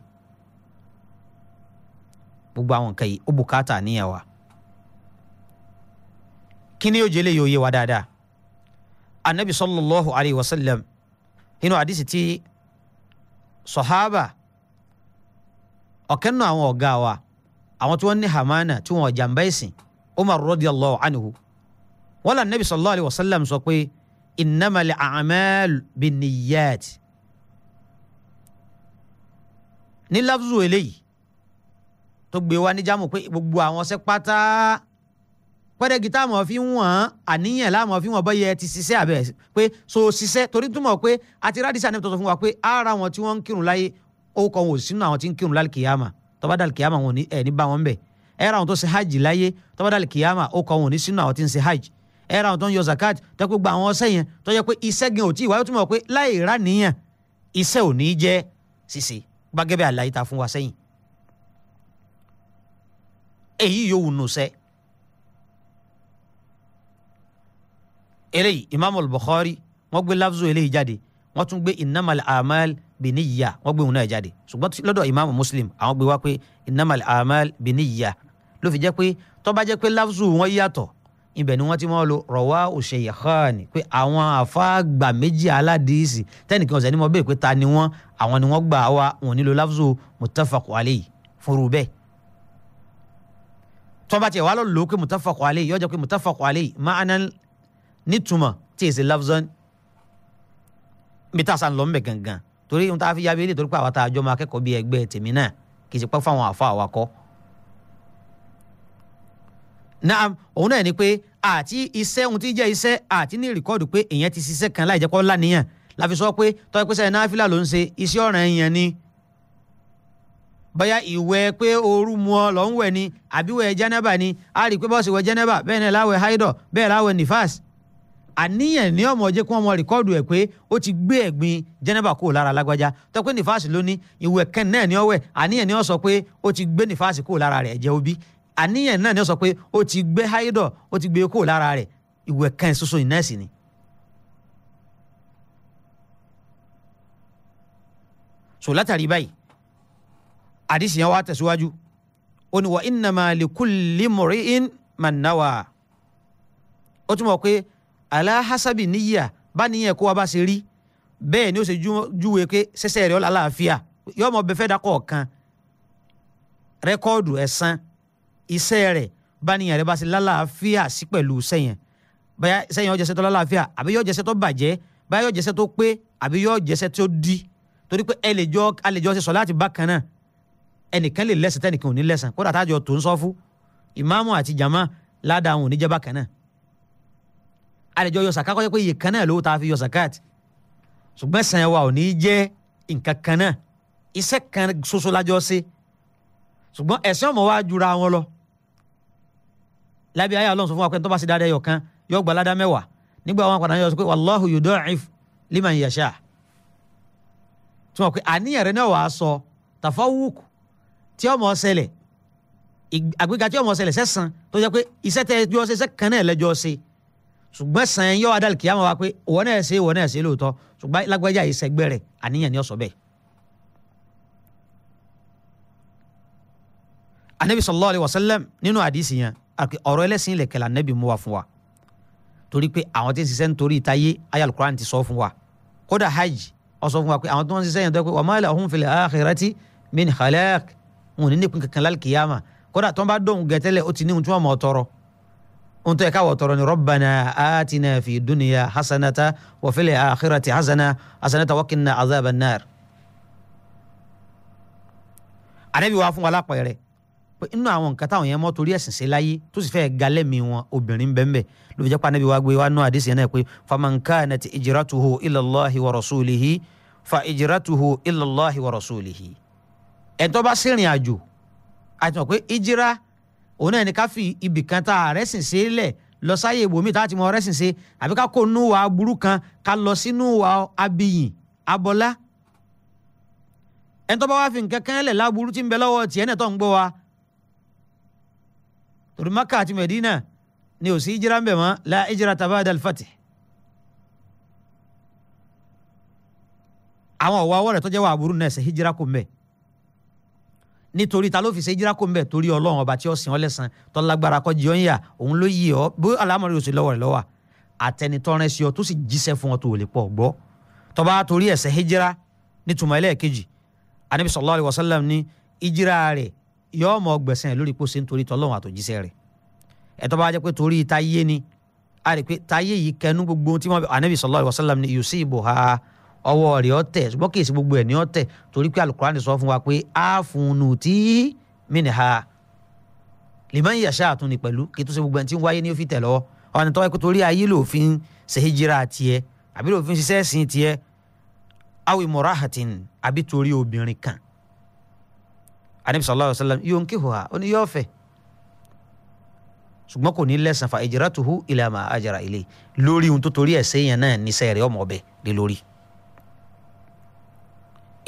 gbogbo àwọn nǹkan yìí ó bùkátà níyàn wa kí ni yóò jẹ́ eléyìí ó yé wa dáadáa anabi sallallahu alayhi wa sallam inú àdìsí tí sọ̀hábà ọ̀kẹ́ nù àwọn ọ̀gá wa àwọn tí wọ́n ní hamana tí wọ́n jàǹbá ẹ̀sìn umar radiyallahu anhu wọ́n là nabi sallallahu alayhi wa sallam sọ pé innamal a'mal binniyat ní láfùzù eléyìí tó gbé wa ní pé gbogbo àwọn ṣe pátá pẹ́rẹ́gì táwọn ọ̀fi ń wọ̀n àníyàn láwọn ọ̀fi wọn bọ́yẹ ti ṣiṣẹ́ àbẹ̀ pé so ṣiṣẹ́ torí túmọ̀ pé àti rádìsà ní tọ́tọ̀ fún wa pé ara wọn tí wọ́n ń kírun láyé orúkọ wọn ò sínú àwọn tí ń kírun lálẹ́ kìyàmà tọ́bádàlì kìyàmà wọn ẹ̀ ní bá wọn bẹ̀ ẹ̀rọ àwọn tó ṣe hajj láyé tọ́bádàlì kìyàmà orúkọ wọn ò ní sínú àwọn tí ń ṣe hajj ẹ̀rọ àwọn tó ń yọ zakat tó yẹ pé eléyìí imaamu al-bukhari wọ́n gbé lafzu eléyìí jáde wọ́n tún gbé innamal amal biniya wọ́n gbé òun náà jáde ṣùgbọ́n lọ́dọ̀ imaamu muslim àwọn gbé wá pé innamal amal biniya ló fi jẹ́ pé tó bá jẹ́ pé lafzu wọn yàtọ̀ ibẹ̀ ni wọ́n ti máa lo rọ̀wá òṣèyẹ̀kọ́ọ̀nì pé àwọn àfáàgbà méjì aládìísì tẹ́nìkan ọ̀sẹ̀ ni mo béèrè pé ta ni wọ́n àwọn ni wọ́n gbà wá wọn nílò láfùsù mùtàfàkù àlẹ́ yìí fúnru bẹ́ẹ̀. tọ́ba tiẹ̀ wá lọ lò ó pé mùtàfàkù àlẹ́ yìí nítumọ̀ tí èsì lafzan bí tá a san lọ ń bẹ gangan torí ohun tá a fi yábí ilé torí pé àwa tá a jọ máa kẹ́kọ̀ọ́ bí ẹgbẹ́ tèmi náà kì í ṣe pẹ́ fáwọn àfa àwa kọ́. náà òun náà ni pé àti iṣẹ́ ohun tí jẹ́ iṣẹ́ àti ní rìkọ́ọ̀dù pé èèyàn ti ṣiṣẹ́ kan láì jẹ́ kó láníyàn láfi sọ pé tọ́ ìpèsè náfìlà ló ń ṣe iṣẹ́ ọ̀ràn èèyàn ni bóyá ìwẹ̀ pé ooru mu ọ lọ ni àbíwẹ̀ jẹ́nẹ́bà ni a rí i pé bọ́ọ̀sì wẹ̀ jẹ́nẹ́bà bẹ́ẹ̀ náà láwẹ̀ haidọ̀ bẹ́ẹ̀ láwẹ̀ nifas àníyàn ní ọmọ ọjẹ kí wọn rìkọọdù ẹ pé ó ti gbé ẹgbin jẹnẹbà kúrò lára lágbájá tọpẹ nífàsì ló ní náà ní ọwẹ àníyàn ní ọ sọ pé ó ti gbé nífàsì kúrò lára rẹ̀ ẹ̀jẹ̀ obi àníyàn náà ní ọ sọ pé ó ti gbé haidọ ó ti gbé e kúrò lára soso ìnẹẹsì ni. látàrí báyìí àdìsí yẹn wàá tẹ̀síwájú ó ní ó pé alahasabi níyà bá níyàn kó wa bá ṣe rí bẹ́ẹ̀ ni ó ṣe júwe pé ṣẹṣẹ rẹ̀ ó lálàáfíà yọmọ bẹ fẹ́ dakọ̀ kan rẹ́kọ́ọ̀dù ẹ̀san iṣẹ́ rẹ̀ bá níyàn rẹ̀ bá ṣe lálàáfíà sí pẹ̀lú sẹ́yìn báyà sẹ́yìn ọjọ́ sẹ́tọ́ lálàáfíà àbí yóò jẹ́sẹ́ tó bàjẹ́ báyà yóò jẹ́sẹ́ tó pé àbí yóò jẹ́sẹ́ tó di torí pé ẹ lè jọ a lè jọ ṣe sọ láti bákan náà ẹnìkan lè lẹ́sìn tẹ́nìkan ò ní lẹ́sìn kódà tájọ tó ń sọ fún ìmáàmù àti jàmá ládàá àwọn oníjẹ́ bákan náà àlejò yọ sàká kọjá pé iye kan náà lówó tá a fi yọ sàkáàt ṣùgbọ́n sàn wa ò ní í jẹ́ nǹkan kan náà iṣẹ́ kan ṣoṣo lájọ ṣe ṣùgbọ́n ẹ̀sìn ọmọ wa jura wọn lọ lábẹ́ ayé ọlọ́run sọ fún wa pé tó bá ṣe dáadáa yọ kan yọ gba ládàá mẹ́wàá nígbà wọn padà yọ sọ pé wàláhù yudọ́ọ̀if liman yasha tí wọn pe àníyàn rẹ náà wàá sọ tàfáwùkù tí ọmọ ṣẹlẹ̀ àgbéga tí ọmọ ṣẹlẹ̀ sẹ́sàn tó jẹ́ pé iṣẹ́ tẹ́ ẹjọ́ ṣe iṣẹ́ kan náà lẹ́jọ́ ṣe ṣùgbọ́n sàn yọ adal kìyàmọ̀ wa pé òwò náà ṣe òwò náà ṣe lóòótọ́ ṣùgbọ́n lágbájá yìí sẹgbẹ́ rẹ̀ àníyàn ni ó sọ bẹ́ẹ̀. anabi sallallahu alayhi wa sallam nínú àdìsí yẹn ọ̀rọ̀ ẹlẹ́sìn ilẹ̀ kẹlẹ̀ anabi mú wa fún wa torí pé àwọn tí ń ṣiṣẹ́ nítorí ìtayé ayal quran ti sọ fún wa kódà hajj ó sọ fún wa pé àwọn tí wọ́n ṣiṣẹ́ yẹn tó pé wa ma lahum fil akhirati min khalaq wọn ò ní nípìn kankan lálkìyàmà kódà tó ń bá ohun tó yẹ káwọ tọrọ ni rabbana atina fi dunya hasanata wa fil akhirati hasana hasanata wa qina azaban nar. ànábì wa fún wa lápẹẹrẹ pé inú àwọn nǹkan táwọn yẹn mọ́ torí ẹ̀sìn ṣe láyé tó sì fẹ́ẹ́ galẹ̀ mi wọn obìnrin bẹ́ẹ̀nbẹ́ẹ́ ló fi jẹ́ pé wa gbé wa nú àdìsí yẹn náà pé faman kanat ijratuhu ila Allahi wa rasulihi fa ijratuhu ila wa rasulihi ẹ̀ńtọ́ bá sìnrìn àjò àti wọn pé ìjìrá òun náà ni ká fi ibì kan tá a rẹ́sìn sí lẹ̀ lọ sáyé ibòmíì tá a ti mọ rẹ́sìn sí àbí ká kó inú wa burú kan ká lọ sínú wa abiyìn abọ́lá ẹni tó bá wá fi nǹkan kan lẹ̀ láburú tí ń bẹ lọ́wọ́ tiẹ̀ náà tó ń gbọ́ wa torí Maka àti Medina ni ò sí ìjìrà ń bẹ̀ mọ́ la ìjìrà tabada al-fath àwọn ọ̀wá wọ̀rẹ̀ tó jẹ́ wà burú náà ṣe ìjìrà kò mẹ́ẹ̀ nítorí ta ló fi ṣe jíra kó ń bẹ̀ torí ọlọ́run ọba tí ó sìn ọ́ lẹ́sàn tó lágbára kọ́ jẹun yà òun ló yí ọ bó alámọ̀rí òsè lọ́wọ́ rẹ̀ lọ́wọ́ àtẹnitọ́rin sí ọ tó sì jíṣẹ́ fún ọ tó lè pọ̀ gbọ́ tọba torí ẹ̀ṣẹ̀ hijira nítumọ̀ ẹlẹ́ẹ̀kejì anabi sallallahu alaihi wasallam ní hijira rẹ̀ yọ ọmọ gbẹ̀sẹ̀ lórí pé ṣe ń torí tọ́lọ́run àtòjíṣẹ́ rẹ̀ ẹ̀ tọ́ba pé torí táyé ni a rè pé táyé yìí kẹnu gbogbo tí wọ́n anabi sallallahu alaihi wasallam ní yusibuha ọwọ́ rẹ̀ ọ̀tẹ̀ ṣùgbọ́n kì í ṣe gbogbo ẹ̀ ní ọ̀tẹ̀ torí pé alukurani sọ fún wa pé àfùnù tí mìnìhà lèmọ́ ìyà ṣáà tún ni pẹ̀lú kí tó ṣe gbogbo ẹ̀ tí ń wáyé ní ó fi ọ̀nà tó wáyé pé torí ayé lòfin ṣe tiẹ̀ àbí lòfin ṣiṣẹ́ ẹ̀sìn tiẹ̀ awi murahatin àbí torí obìnrin kan anabi sallallahu sallam yóò ń kíhùn ha ó ní yóò fa ìjìrá tuhu ila ma ajara ilé lórí ohun tó torí ẹ̀ sẹ́yìn náà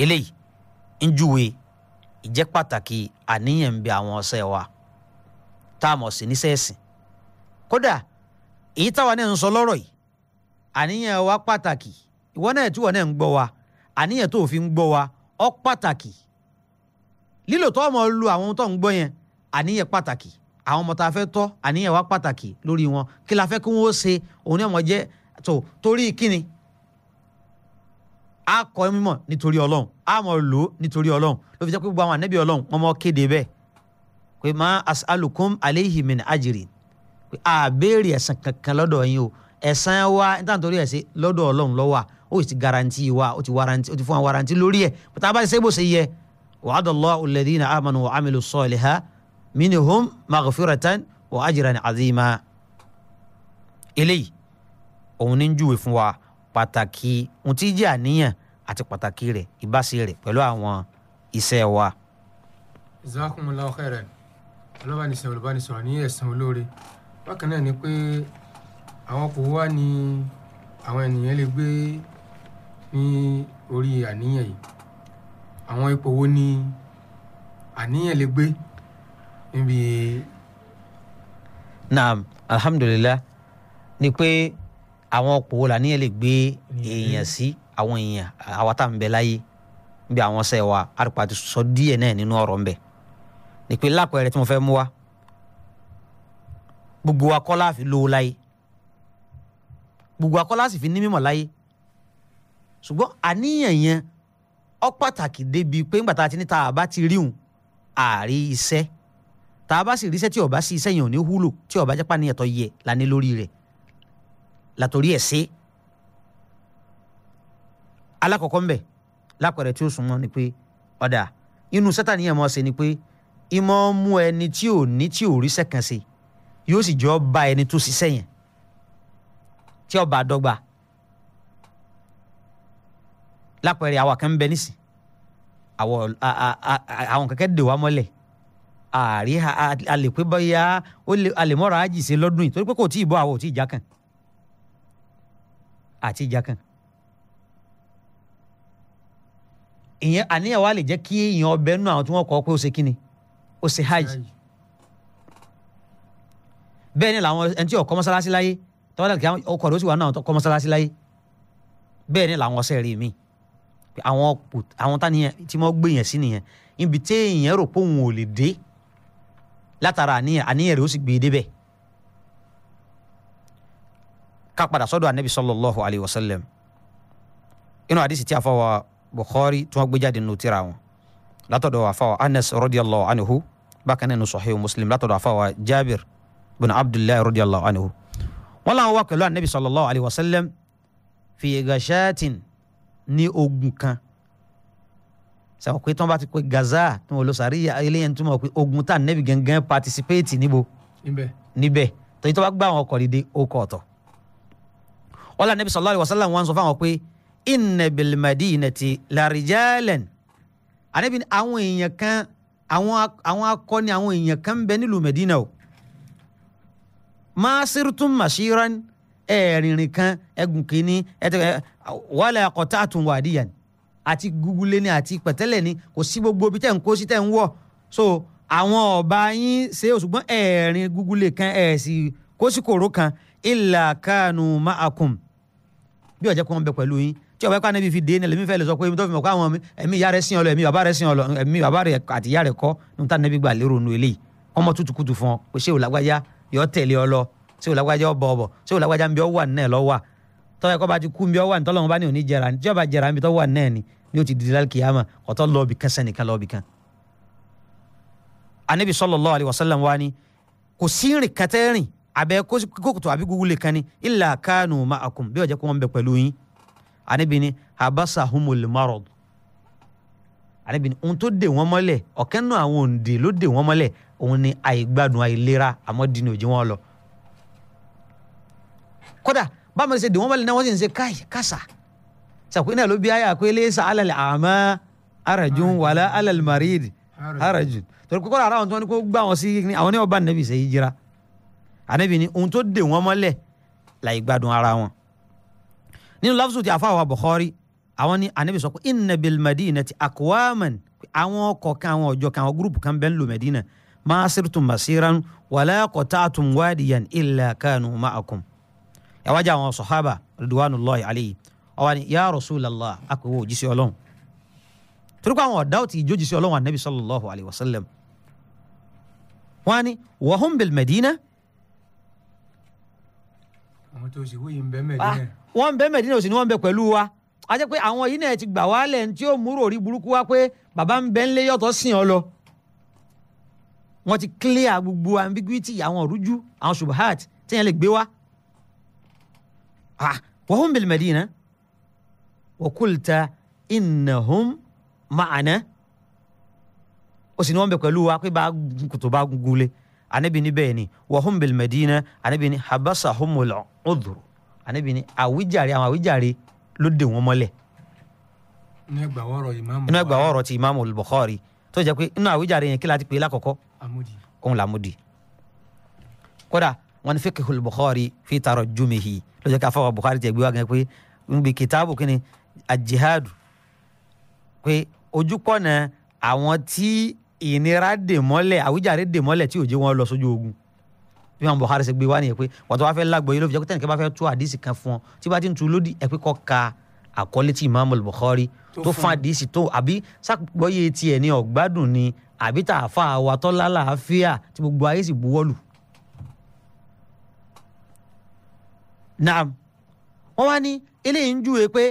eléyìí ń júwe ìjẹ́ pàtàkì àníyàn bí àwọn ọ̀sẹ̀ wa tá a mọ̀ sí ní sẹ́ẹ̀sì kódà èyí táwa náà ń sọ lọ́rọ̀ yìí àníyàn wa pàtàkì ìwọ náà tí wọn náà ń gbọ́ wa àníyàn tó fi ń gbọ́ wa ó pàtàkì lílò tó ọmọ lu àwọn tó ń gbọ́ yẹn àníyàn pàtàkì àwọn ọmọ tá a fẹ́ tọ́ àníyàn wa pàtàkì lórí wọn kí la fẹ́ kí wọ́n ó ṣe òun náà mọ̀ jẹ́ tó torí kíni á kọ́ ẹ mímọ̀ nítorí ọlọ́run á mọ̀ lò ó nítorí ọlọ́run ló fi jẹ́ pé gbogbo àwọn ànábì ọlọ́run wọn mọ̀ kéde bẹ́ẹ̀ pé má as'alukum alayhi min ajrin pé a béèrè ẹ̀san kankan lọ́dọ̀ yín o ẹ̀san wa nítorí ẹ̀ sí lọ́dọ̀ ọlọ́run ló wà ti garanti wa ó ti waranti ó ti fún wa waranti lórí ẹ̀ pé bá ti ṣe bó ṣe yẹ wa'adallahu alladhina amanu wa amilu salihati minhum maghfiratan wa ajran azima eléyìí òun ní júwe fún wa pàtàkì ohun tí jẹ́ àníyàn àti pàtàkì rẹ̀ ìbáṣe rẹ̀ pẹ̀lú àwọn iṣẹ́ wa. jazakumullahu khairan ọlọ́bánisẹ̀ olùbánisọ̀rọ̀ ní ẹ̀sán olóore bákan náà ni pé àwọn kò wá ní àwọn ènìyàn lè gbé ní orí àníyàn yìí àwọn ipò wo ni àníyàn lè gbé níbi. naam alhamdulillah ni pé àwọn ọ̀pọ̀ wo làníyàn lè gbé èèyàn sí. Si àwọn èèyàn àwa tá à ń bẹ láyé níbi àwọn ṣẹ́ wa àrùpà ti sọ díẹ̀ náà nínú ọ̀rọ̀ ń bẹ nípe lápẹẹrẹ tí mo fẹ́ mú wa gbogbo wa kọ́ láàfin lówó láyé gbogbo wa kọ́ láàsì fi ní mímọ̀ láyé ṣùgbọ́n àníyàn yẹn ó pàtàkì débi pé ńgbà tá a ti ní ta àbá ti ríhun àárí iṣẹ́ tá bá sì ríṣẹ́ tí ọba sí iṣẹ́ yẹn ò ní wúlò tí ọba jápá níyàtọ̀ yẹ la ní lórí rẹ̀ látòrí ẹ̀ ṣe alákọ̀ọ́kọ́ ń bẹ̀ lápẹ̀rẹ̀ tí ó súnmọ́ ni pé ọ̀dà inú sátani ẹ̀ mọ́ ṣe ni pé ìmọ̀ mú ẹni tí ò ní tí ò ríṣẹ́ kan ṣe yóò sì jọ ba ẹni tó ṣiṣẹ́ yẹn tí ọba àdọ́gba lápẹ̀rẹ̀ àwa kan ń bẹ nísìn àwọn kẹ̀kẹ́ dè wá mọ́lẹ̀ ààrí àlèpé bóyá àlèmọ́ra àjìṣe lọ́dún yìí torí pé kò tí ì bọ́ àwọn ò tí ì já kan àti ìjà kan ìyẹn àníyàn wa lè jẹ́ kí èèyàn ọbẹ̀ nù àwọn tí wọ́n kọ́ pé ó ṣe kíni ó ṣe hajj bẹ́ẹ̀ ni làwọn ẹni tí ó kọ́ mọ́sálásí láyé tọ́wọ́dà kí ọkọ̀ rẹ̀ ó sì wà náà kọ́ mọ́sálásí láyé bẹ́ẹ̀ ni làwọn ọ̀sẹ̀ rí mi àwọn àwọn táníyàn tí wọ́n gbé yẹn sí nìyẹn ibi tí èèyàn rò pé òun ò lè dé látara àníyàn àníyàn rẹ̀ ó sì gbé e débẹ̀ ká padà sọ́dọ̀ wa bukhari tí wọ́n gbé jáde nínú tírà wọn látọ̀dọ̀ àfàwà anas rọ́díàlọ́ anihu bákan náà nínú sọ̀hìn muslim látọ̀dọ̀ àfàwà jabir bin abdullahi rọ́díàlọ́ anihu wọ́n làwọn wà pẹ̀lú anabi sallallahu alayhi wa sallam fi gashatin ní ogun kan sàwọn pé tí wọ́n bá ti pé gaza tí wọ́n lọ sàrí eléyẹn tí wọ́n pé ogun tá anabi gangan participate níbo níbẹ̀ tó yẹ tó bá gbá àwọn ọkọ̀ dìde ó kọ̀ ọ̀tọ̀ wọ́n làwọn anabi sallallahu alayhi wa sallam wọ́n sọ fáwọn pé inna bil madinati larijalan anabi àwọn èèyàn kan àwọn àwọn akọni àwọn èèyàn kan bẹ nílùú medina o maasirtun masiran ẹẹrinrin kan ẹgùn kìíní ẹtẹ wàhálà wadiyan àti gugulé ni àti pẹ̀tẹ́lẹ̀ ni kò sí gbogbo ibi tẹ́ ń kó sí tẹ́ ń wọ̀ so àwọn ọba yín ṣe é ṣùgbọ́n ẹẹrin kan ẹ sì kó sí kòró kan illa kanu ma'akum bí ọjà kó wọn bẹ pẹ̀lú yín tí ọ̀wẹ́ kwana bí fi dé ní ẹlẹ́mí fẹ́ lè sọ pé ibi tó fi mọ̀ kó àwọn ẹ̀mí ìyá rẹ̀ sìn ọ lọ ẹ̀mí bàbá rẹ̀ sìn ọ lọ ẹ̀mí bàbá rẹ̀ àti ìyá rẹ̀ kọ́ ní ta nẹ́bí gbà lérò nu eléyìí ọmọ tutukutu fún ọ pé ṣé òlágbájá yọ tẹ̀lé ọ lọ ṣé òlágbájá ọ bọ̀ ọ bọ̀ ṣé òlágbájá ń bí ọ wà náà lọ wà tọ́wọ́ ẹ̀kọ́ bá ti kú ń bí ọ wà ní tọ́lọ́mọba ní òní jẹra tí ọba jẹra ń bí tọ́ wà náà ni ni ó ti di lálẹ́ kìyàmà ọ̀tọ́ lọ bì kan sẹ́nìkan lọ bì kan. illa kanu ma'akum bí ọ̀jẹ̀ kó wọ́n bẹ anabi ni habasa humul marod anabi ni ohun tó dè wọ́n mọ́lẹ̀ ọ̀kẹ́ nù àwọn òǹdè ló dè wọ́n mọ́lẹ̀ òun ni àìgbádùn àìlera àmọ́ dín ní òjì wọn lọ. kódà báwọn ṣe dè wọ́n mọ́lẹ̀ náà wọ́n sì ń ṣe káì kásà sàkóyè náà ló bí ayé àkóyè lẹ́sà alàlẹ́ àmọ́ arajun wàlá alàlẹ́ marid arajun torí kókó ara àwọn tí wọ́n ní kó gbá wọn sí àwọn ní ọba nàbì ṣe yíjira anabi ni ohun tó dè wọ́n mọ́lẹ̀ láì gbádùn ara wọn nínú láfíìsù ti àfáwà Bukhari àwọn ní anabi sọ pé inna bil madinati akwaman àwọn ọkọ̀ kan àwọn ọjọ́ kan àwọn gúrùpù kan bẹ́ẹ̀ ń lò Medina ma sirtum masiran wala qata'tum wadiyan illa kanu ma'akum ẹ wájà àwọn sọ̀hábà ridwanullahi alayhi ọwọ́ ni ya rasulallah akọ̀wé òjíṣẹ́ ọlọ́run turukọ àwọn ọ̀dá òtí ìjó ọlọ́run anabi sallallahu alayhi wa sallam wọn ni wahum bil Medina. àwọn tó ṣe wọ́n yìí ń bẹ́ wọ́n ń bẹ mẹdínà òsì ni wọ́n ń bẹ pẹ̀lú wa a jẹ́ pé àwọn yìí náà ti gbà wá lẹ̀ tí ó múrò rí burúkú wá pé bàbá ń bẹ ńlé yọ̀tọ̀ sìn ọ lọ wọ́n ti clear gbogbo ambiguity àwọn òrújú àwọn subhat téèyàn lè gbé wá ah, wa hum bil madina wa qulta innahum ma'ana ó sì ní wọ́n bẹ pẹ̀lú wa pé bá kòtò bá gúnlẹ̀ anabi bẹ́ẹ̀ ni wa hum bil madina anabi ní habasahumul udhur ànábì ni àwíjàre àwọn àwíjàre ló dè wọ́n mọ́lẹ̀. inú ẹgbà wọ́ọ̀rọ̀ ti imaamu Bukhari tó jẹ́ pé inú àwíjàre yẹn kí la ti pè é lákọ̀ọ́kọ́ òun làmúdi. kódà wọn ni fiqhul Bukhari fi tarjumihi ló jẹ́ ká fọwọ́ Bukhari tẹ̀ gbé wá gan pé níbi kìtàbù kí ni àjihadu pé ojúkọ̀nà àwọn tí ìnira dè mọ́lẹ̀ àwíjàre dè mọ́lẹ̀ tí ò jẹ́ wọn lọ sójú ogun bí wọn Buhari ṣe gbé wá nìyẹn pé wàtò wàá fẹ́ lágbo yìí ló fi jẹ́ pé tẹ́nìkan bá fẹ́ tú àdìsí kan fún ọ tí bá ti ń tu lódì ẹ pé kọ́ ka àkọlé tí Imam Bukhari tó fún àdìsí tó àbí sàgbọ́yé tiẹ̀ ní ọ̀gbádùn ni àbí tààfà wa tọ́lá làáfíà tí gbogbo ayé sì buwọ́lù. naam wọ́n wá ní eléyìí ń júwe pé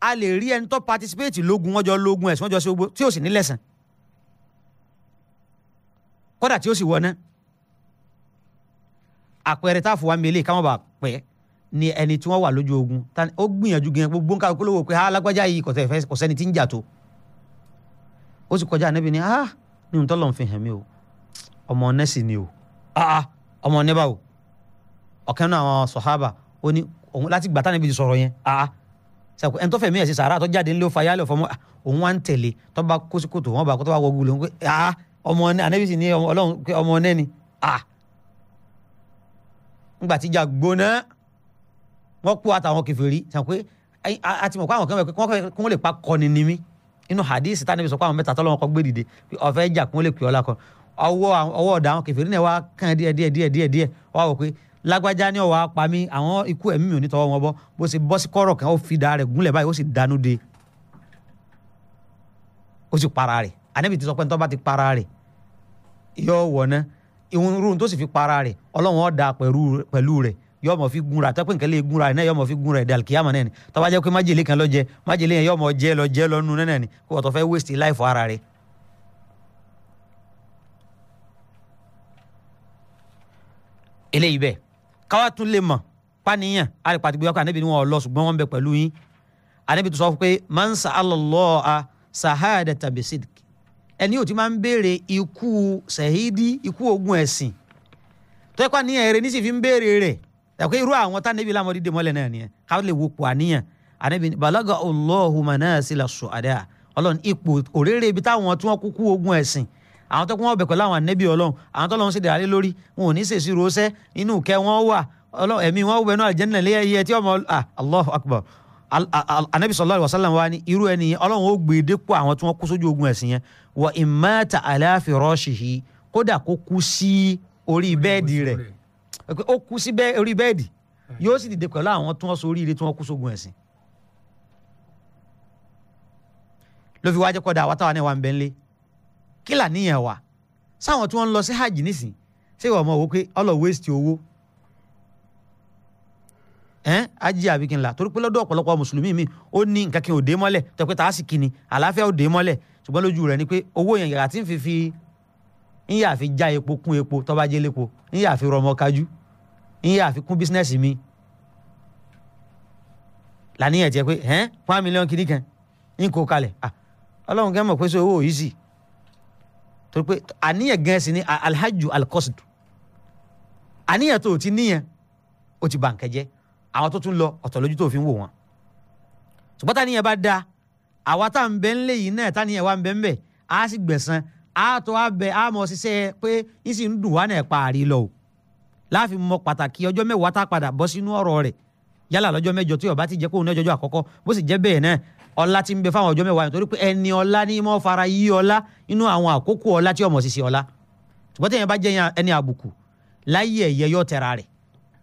a lè rí ẹni tó patisipéètì lógun wọ́n jọ lógun ẹ̀sùn wọ́n jọ ṣe gbogbo tí ò sì ní lẹ́sàn kódà tí ó sì wọ náà àpẹẹrẹ tá a fò wá mi eléyìí káwọn bá pẹ́ ni ẹni tí wọ́n wà lójú ogun ó gbìyànjú gan gbogbo nǹkan kó lówó pé alágbájá ah, yìí kò sẹ́ni tí ń jà tó ó sì kọjá níbi ni ah ní ohun tọ́lọ̀ ń fi hàn mí o ọmọ nẹ́sì ni o ah, ah ọmọ nẹ́bà o ọ̀kan náà àwọn sọ̀hábà ó ní láti gbà tánà ibi ti sọ̀rọ̀ yẹn ah sàkó ah, ẹni tó fẹ̀mí ẹ̀ sí sàárà tó jáde ńlẹ́ fàyà lọ fọmọ òun wá ń tẹ̀lé tó kó sí kòtò wọn bá kó tó bá wọgú lòun pé ah ọmọ anẹ́bí sì ni ọlọ́run pé ọmọ nẹ́ni ah ńgbà tí ìjà gbóná wọ́n kú àtàwọn kèfèrí sàn pé àti mọ̀ pé àwọn kan wọ́n fẹ́ kí wọ́n lè pa kọ́ni ní mí inú hadith tani bisọ pé àwọn mẹ́ta tọ́lọ́wọ́n kọ́ gbé dìde ọ̀fẹ́ ìjà kí wọ́n lè pè ọ́ lakọ ọwọ́ ọwọ́ ọ̀dà àwọn kèfèrí náà wá kàn díẹ̀ díẹ̀ díẹ̀ díẹ̀ díẹ̀ wá wò pé lágbájá ní ọ̀wá pa mí àwọn ikú ẹ̀mí mi ò ní tọwọ́ wọn bọ́ bó ṣe bọ́ sí kọ́rọ̀ kan ó fi da rẹ̀ gúnlẹ̀ báyìí ó sì danú de ó sì para rẹ̀ Ànábì ti sọ pé ní tọ́ bá ti para rẹ̀ yóò wọ̀ náà irun tó sì fi para rẹ̀ ọlọ́run ọ̀dà pẹ̀lú rẹ̀ yóò mọ̀ fi gunra tọ́pẹ́ nǹkan lè gunra rẹ̀ náà yóò mọ̀ fi gunra rẹ̀ dàlù kíyàmà náà ni tó bá jẹ́ pé májèlé kan ló jẹ májèlé yẹn yóò mọ̀ jẹ́ lọ jẹ́ lọ́nu náà ni kó ọ̀tọ̀ fẹ́ waste life ara rẹ̀. eléyìí bẹ́ẹ̀ káwá tún lè mọ̀ pàníyàn àrípàtì gbé ọkọ ànábì ni wọn lọ ṣùgbọ́n wọn bẹ pẹ̀lú yín ànábì tó sọ pé man sa'ala Allah sahadata bisidq ẹni ò ti máa ń béèrè ikú sẹ̀hídì ikú ogun ẹ̀sìn tó yẹ kó àníyàn rẹ níṣì fi ń béèrè rẹ̀ ẹ̀kọ́ irú àwọn tá níbi láwọn dídè mọ́lẹ̀ náà nìyẹn ká lè wo pò àníyàn àníbi balaga Allahu manasila su'ada ọlọ́run ipò òréré ibi táwọn tí wọ́n kúkú ogun ẹ̀sìn àwọn tó kún wọn bẹ̀ pẹ̀lú àwọn ànẹ́bí ọlọ́run àwọn tó lọ́run sì dàrá lórí wọn ò ní sèṣì rosẹ́ inú kẹ́ wọn wà ẹ̀mí wọn wẹ̀ náà àlùjánnà lẹ́yẹ tí ọmọ ah, Allahu akbar anabi sallallahu alayhi wa sallam wa ni irú ẹni yẹn ọlọ́run ó gbé e dépò àwọn tí wọ́n kú sójú ogun ẹ̀sìn yẹn wa imata ala firashihi kódà kó kú sí orí bẹ́ẹ̀dì rẹ̀ ó kú sí orí bẹ́ẹ̀dì yóò sì dìde pẹ̀lú àwọn tí wọ́n so oríire tí wọ́n kú sógun ẹ̀sìn. ló fi wájú kọ́dà àwọn táwọn náà wà ń bẹ́ńlé kí là níyẹn wà sáwọn tí wọ́n ń lọ sí hajj nísìn ṣé ìwà ọmọ wò pé ọlọ́ waste owó ẹn ají àbíkínlá torí pé lọ́dọ̀ ọ̀pọ̀lọpọ̀ mùsùlùmí mi ó ní nǹkan kan ò dé mọ́lẹ̀ tó pé tàá sì kíni àlàáfíà ò dé mọ́lẹ̀ ṣùgbọ́n lójú rẹ̀ ni pé owó yẹn yàrá tí ń fi fi ń yà fi já epo kún epo tó bá jẹ́ lépo ń yà fi rọmọ kájú ń yà fi kún bísínẹ́sì mi làníyàn jẹ́ pé ẹn one million kìíní kan ń kó kalẹ̀ ọlọ́run kẹ́ mọ̀ pé sọ owó yìí sì torí pé àníyàn gan sí ni alhaju alqasd àníyàn tó o ti níyàn o ti bà jẹ́ àwọn tó tún lọ ọ̀tọ̀ lójú tó fi ń wò wọn. ṣùgbọ́n tá níyẹn bá da àwa tá ń bẹ ń lé yìí náà tá níyẹn wá ń bẹ ń bẹ á sì gbẹ̀san á tó á bẹ á mọ ṣiṣẹ́ pé yín sì ń dùn wá náà parí lọ o. láàfin mọ pàtàkì ọjọ́ mẹ́wàá tá padà bọ́ sínú ọ̀rọ̀ rẹ̀ yálà lọ́jọ́ mẹ́jọ tí ó ti jẹ́ kóun ní ọjọ́jọ́ àkọ́kọ́ bó sì jẹ́ bẹ́ẹ̀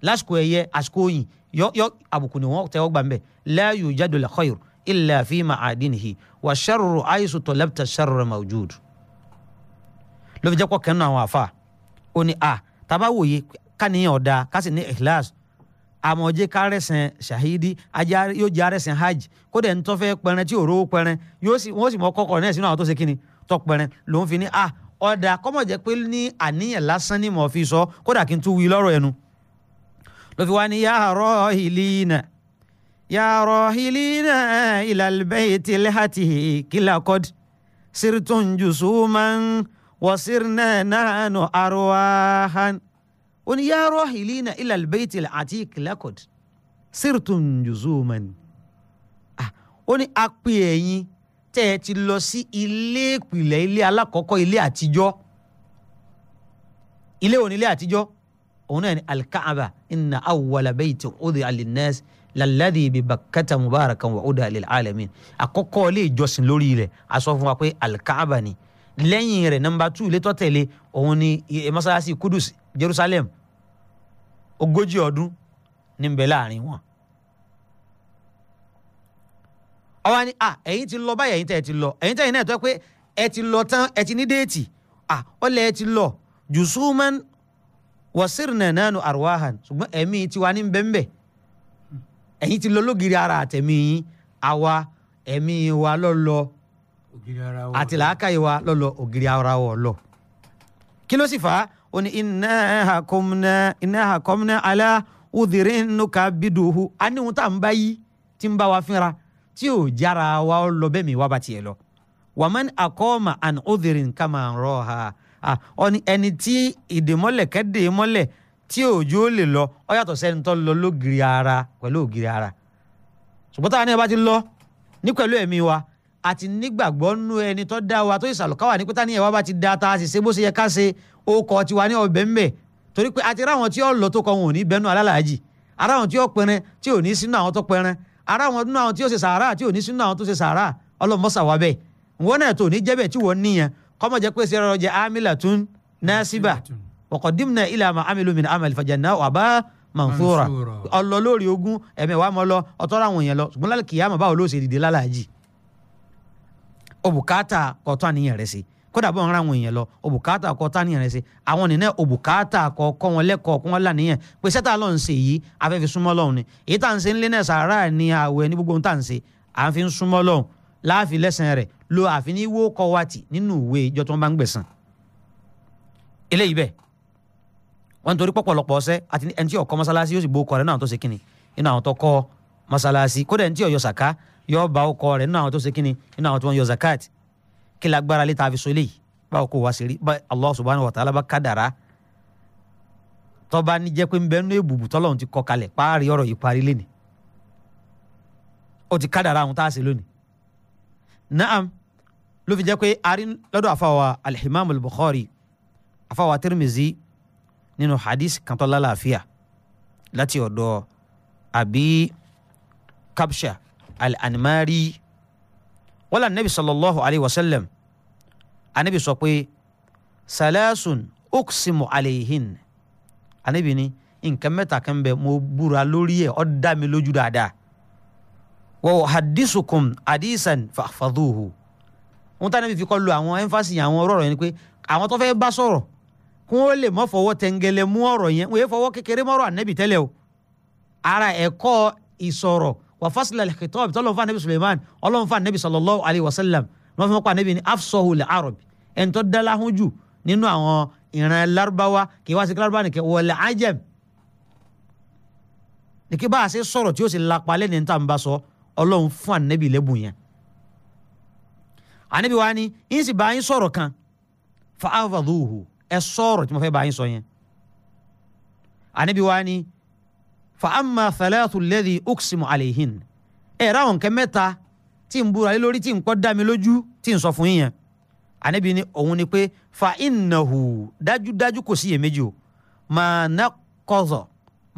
lásìkò ẹ̀yẹ àsìkò òyìn yọ yọ àbùkù ni wọ́n tẹ́wọ́ gbà ń bẹ̀ la yujadu al khayr illa fi ma'adinihi wa sharru aisu tolabta sharru mawjud. ló fi jẹ́ kó kẹ́nu àwọn àfa ó ní a tàbá wòye káníyàn ọ̀dà kásì ní ikhlas àmọ̀jẹ́ kárẹ̀sìn ṣahidi yóò jẹ́ arẹ̀sìn hajj kódà ń tọ́fẹ́ pẹrẹn tí òróró pẹrẹn wọ́n sì mọ kọ́kọ́ náà sínú àwọn tó ṣe kíni tọ́ pẹrẹn lòún fi ní a ọ̀dà kọ́mọ̀jẹ́ pé ní àníyàn lásán ni mo fi sọ kódà kí n tún wí lọ́rọ̀ ẹnu ló fi wá ní yá rahilina yá rahilina ilal bayti lihatihi kílàkọ́d sirtun jusuman wasirna nahnu arwahan ó ní yá rahilina ilal bayti àti kílàkọ́d sirtun jusuman ó ní a pè ẹ̀yin tẹ́ ẹ ti lọ sí ilé ìpìlẹ̀ ilé alákọ̀ọ́kọ́ ilé àtijọ́ ilé òní ilé àtijọ́ òun náà ni alikaaba inna awwala bayti udi alinnas laladi bi bakata mubarakan wa uda lil alamin àkọ́kọ́ ilé ìjọsìn lórí ilẹ̀ a sọ fún wa pé alikaaba ni lẹ́yìn rẹ̀ nọ́mbà two ilé tó tẹ̀lé òun ni masalasi kudus jerusalem ogójì ọdún ní bẹ láàrin wọn. àwa ni ah ẹ̀yin ti lọ báyìí ẹ̀yin tẹ́ ẹ ti lọ ẹ̀yin tẹ́ ẹ̀yin náà tọ́ pé ẹ ti lọ tán ẹ ti ní déètì ah ọlẹ́ ẹ ti lọ jùsùmán wọ́sírìnà náà nu àrùwáhàn ṣùgbọ́n ẹ̀mí tiwa ní bẹ́ńbẹ́ ẹ̀yin ti lọ lógiri ara àtẹ̀mí yín àwa wa lọ́lọ́ àti làákàyè wa lọ́lọ́ ògiri ara wọ̀ lọ. kí ló sì fà á ó ní iná àkọ́mùnà iná àkọ́mùnà alá òdìrí nùkà bídùhù á ní ohun tá à ń bá yí wa fínra tí ò jára wa lọ bẹ́ẹ̀ mi wá bá tiẹ̀ lọ. wàmán àkọ́ọ̀mà àn òdìrí nkà máa ha ẹni tí ìdèmọ́lẹ̀ kẹ́dè mọ́lẹ̀ tí òjò lè lọ ọ yàtọ̀ sẹ́ni tó lọ lógiri ara pẹ̀lú ògiri ara ṣùgbọ́n táwọn ẹni bá ti lọ ní pẹ̀lú ẹ̀mí wa àti nígbàgbọ́ nú ẹni tó dá wa tó ìsàlùkáwà ní pété níyẹn wa bá ti da ta sì ṣe bó ṣe yẹ ká ṣe ó kọ tiwa ní ọbẹ̀ ńbẹ̀ torí pé àti ráwọn tí ó lọ tó kọ wọn ò ní bẹnu alálàájì ara wọn tí ó pẹrẹ tí ò ní sínú àwọn tó pẹrẹ ara wọn nínú àwọn tí ó ṣe sàárà tí ò ní sínú àwọn tó ṣe sàárà ọlọmọsà wa wọn náà tó ní jẹ́bẹ̀ tí wọ́n níyẹn kọ́mọ̀ jẹ́ pé sẹ́rọ jẹ́ amílà tún násìbà ọ̀kọ̀dìmnà ìlàmà amílù min amẹ́lì fàjẹ̀nà ọ̀bá mansoura ọlọ lórí ogun ẹ̀mẹ̀ wàá mọ́ lọ ọtọ́ra àwọn èèyàn lọ ṣùgbọ́n lálẹ́ kìyàmà báwo ló ṣe dìde lálàájì òbùkátà kọ̀tọ́ àníyàn rẹ̀ sí kódà bọ́ ń ra àwọn èèyàn lọ òbùkátà kọ táníyàn rẹ̀ sí àwọn nìyẹn òbùkátà kọ kọ́ wọn lẹ́kọ̀ọ́ kọ́ wọn lànìyàn pé sẹ́tà lọ́n ṣe yìí afẹ́fi súnmọ́ lọ́hùn ni èyí tá à ń ṣe ńlẹ́ náà sàárà ni àwẹ̀ ní gbogbo ohun tá à ń ṣe à ń fi súnmọ́ lọ́hùn láàfin lẹ́sìn rẹ̀ lo àfi ní wo kọ́ wa ti nínú ìwé ìjọ tí wọ́n bá ń gbẹ̀sán eléyìí bẹ́ẹ̀ wọ́n torí pọ̀pọ̀lọpọ̀ ọ̀sẹ́ àti ẹni tí ó kọ́ yóò sì bó ọkọ rẹ̀ náà tó ṣe kíni nínú àwọn tó kọ́ kódà ẹni yọ yọ ọkọ rẹ̀ nínú àwọn tó ṣe kíni nínú àwọn yọ zakat kí lè ta so eléyìí kọ kalẹ̀ ọ̀rọ̀ yìí ó ti kádàrá naam ló fi jẹ́ pé ari lọ́dọ̀ àfàwà alhimam al-bukhari àfàwà tirimizi nínú hadith kan tó lálàáfíà láti ọ̀dọ̀ àbí kabsha al-anmari wala anabi sallallahu alayhi wa sallam anabi sọ pé salasun uksimu alayhin anabi ni nǹkan mẹ́ta kan bẹ mo búra lórí ẹ̀ ó mi lójú dáadáa wa uhadisukum hadisan fahfaduhu wọn tánà fífi kọ́ lu àwọn ẹ́ńfàsì yẹn àwọn ọ̀rọ̀ yẹn ni pé àwọn tó fẹ́ bá sọ̀rọ̀ kí wọ́n lè mọ́ fọwọ́ tẹ̀ngẹlẹ̀ mú ọ̀rọ̀ yẹn wọ́n yẹ fọwọ́ kékeré mọ́rọ̀ ànẹ́bì tẹ́lẹ̀ o ara ẹ̀kọ́ ìsọ̀rọ̀ wà fásilẹ̀ al-khitab tọ́lọ́ Suleiman ọlọ́run fún sallallahu alayhi wa sallam wọ́n ọlọ́run fún ànábì lẹ́bùn yẹn ànábì wa ni yín sì bá yín sọ̀rọ̀ kan fa afadhuhu ẹ sọ̀rọ̀ tí mo fẹ́ bá yín sọ yẹn ànábì wa ni fa amma thalathu alladhi uqsimu alayhin ẹ̀ ráwọn nǹkan mẹ́ta tí n búra lé lórí tí n kọ́ dá mi lójú tí n sọ fún yẹn ànábì ni òun ni pé fa innahu dájúdájú kò sí iyèméjì o màá nàkọ́zọ̀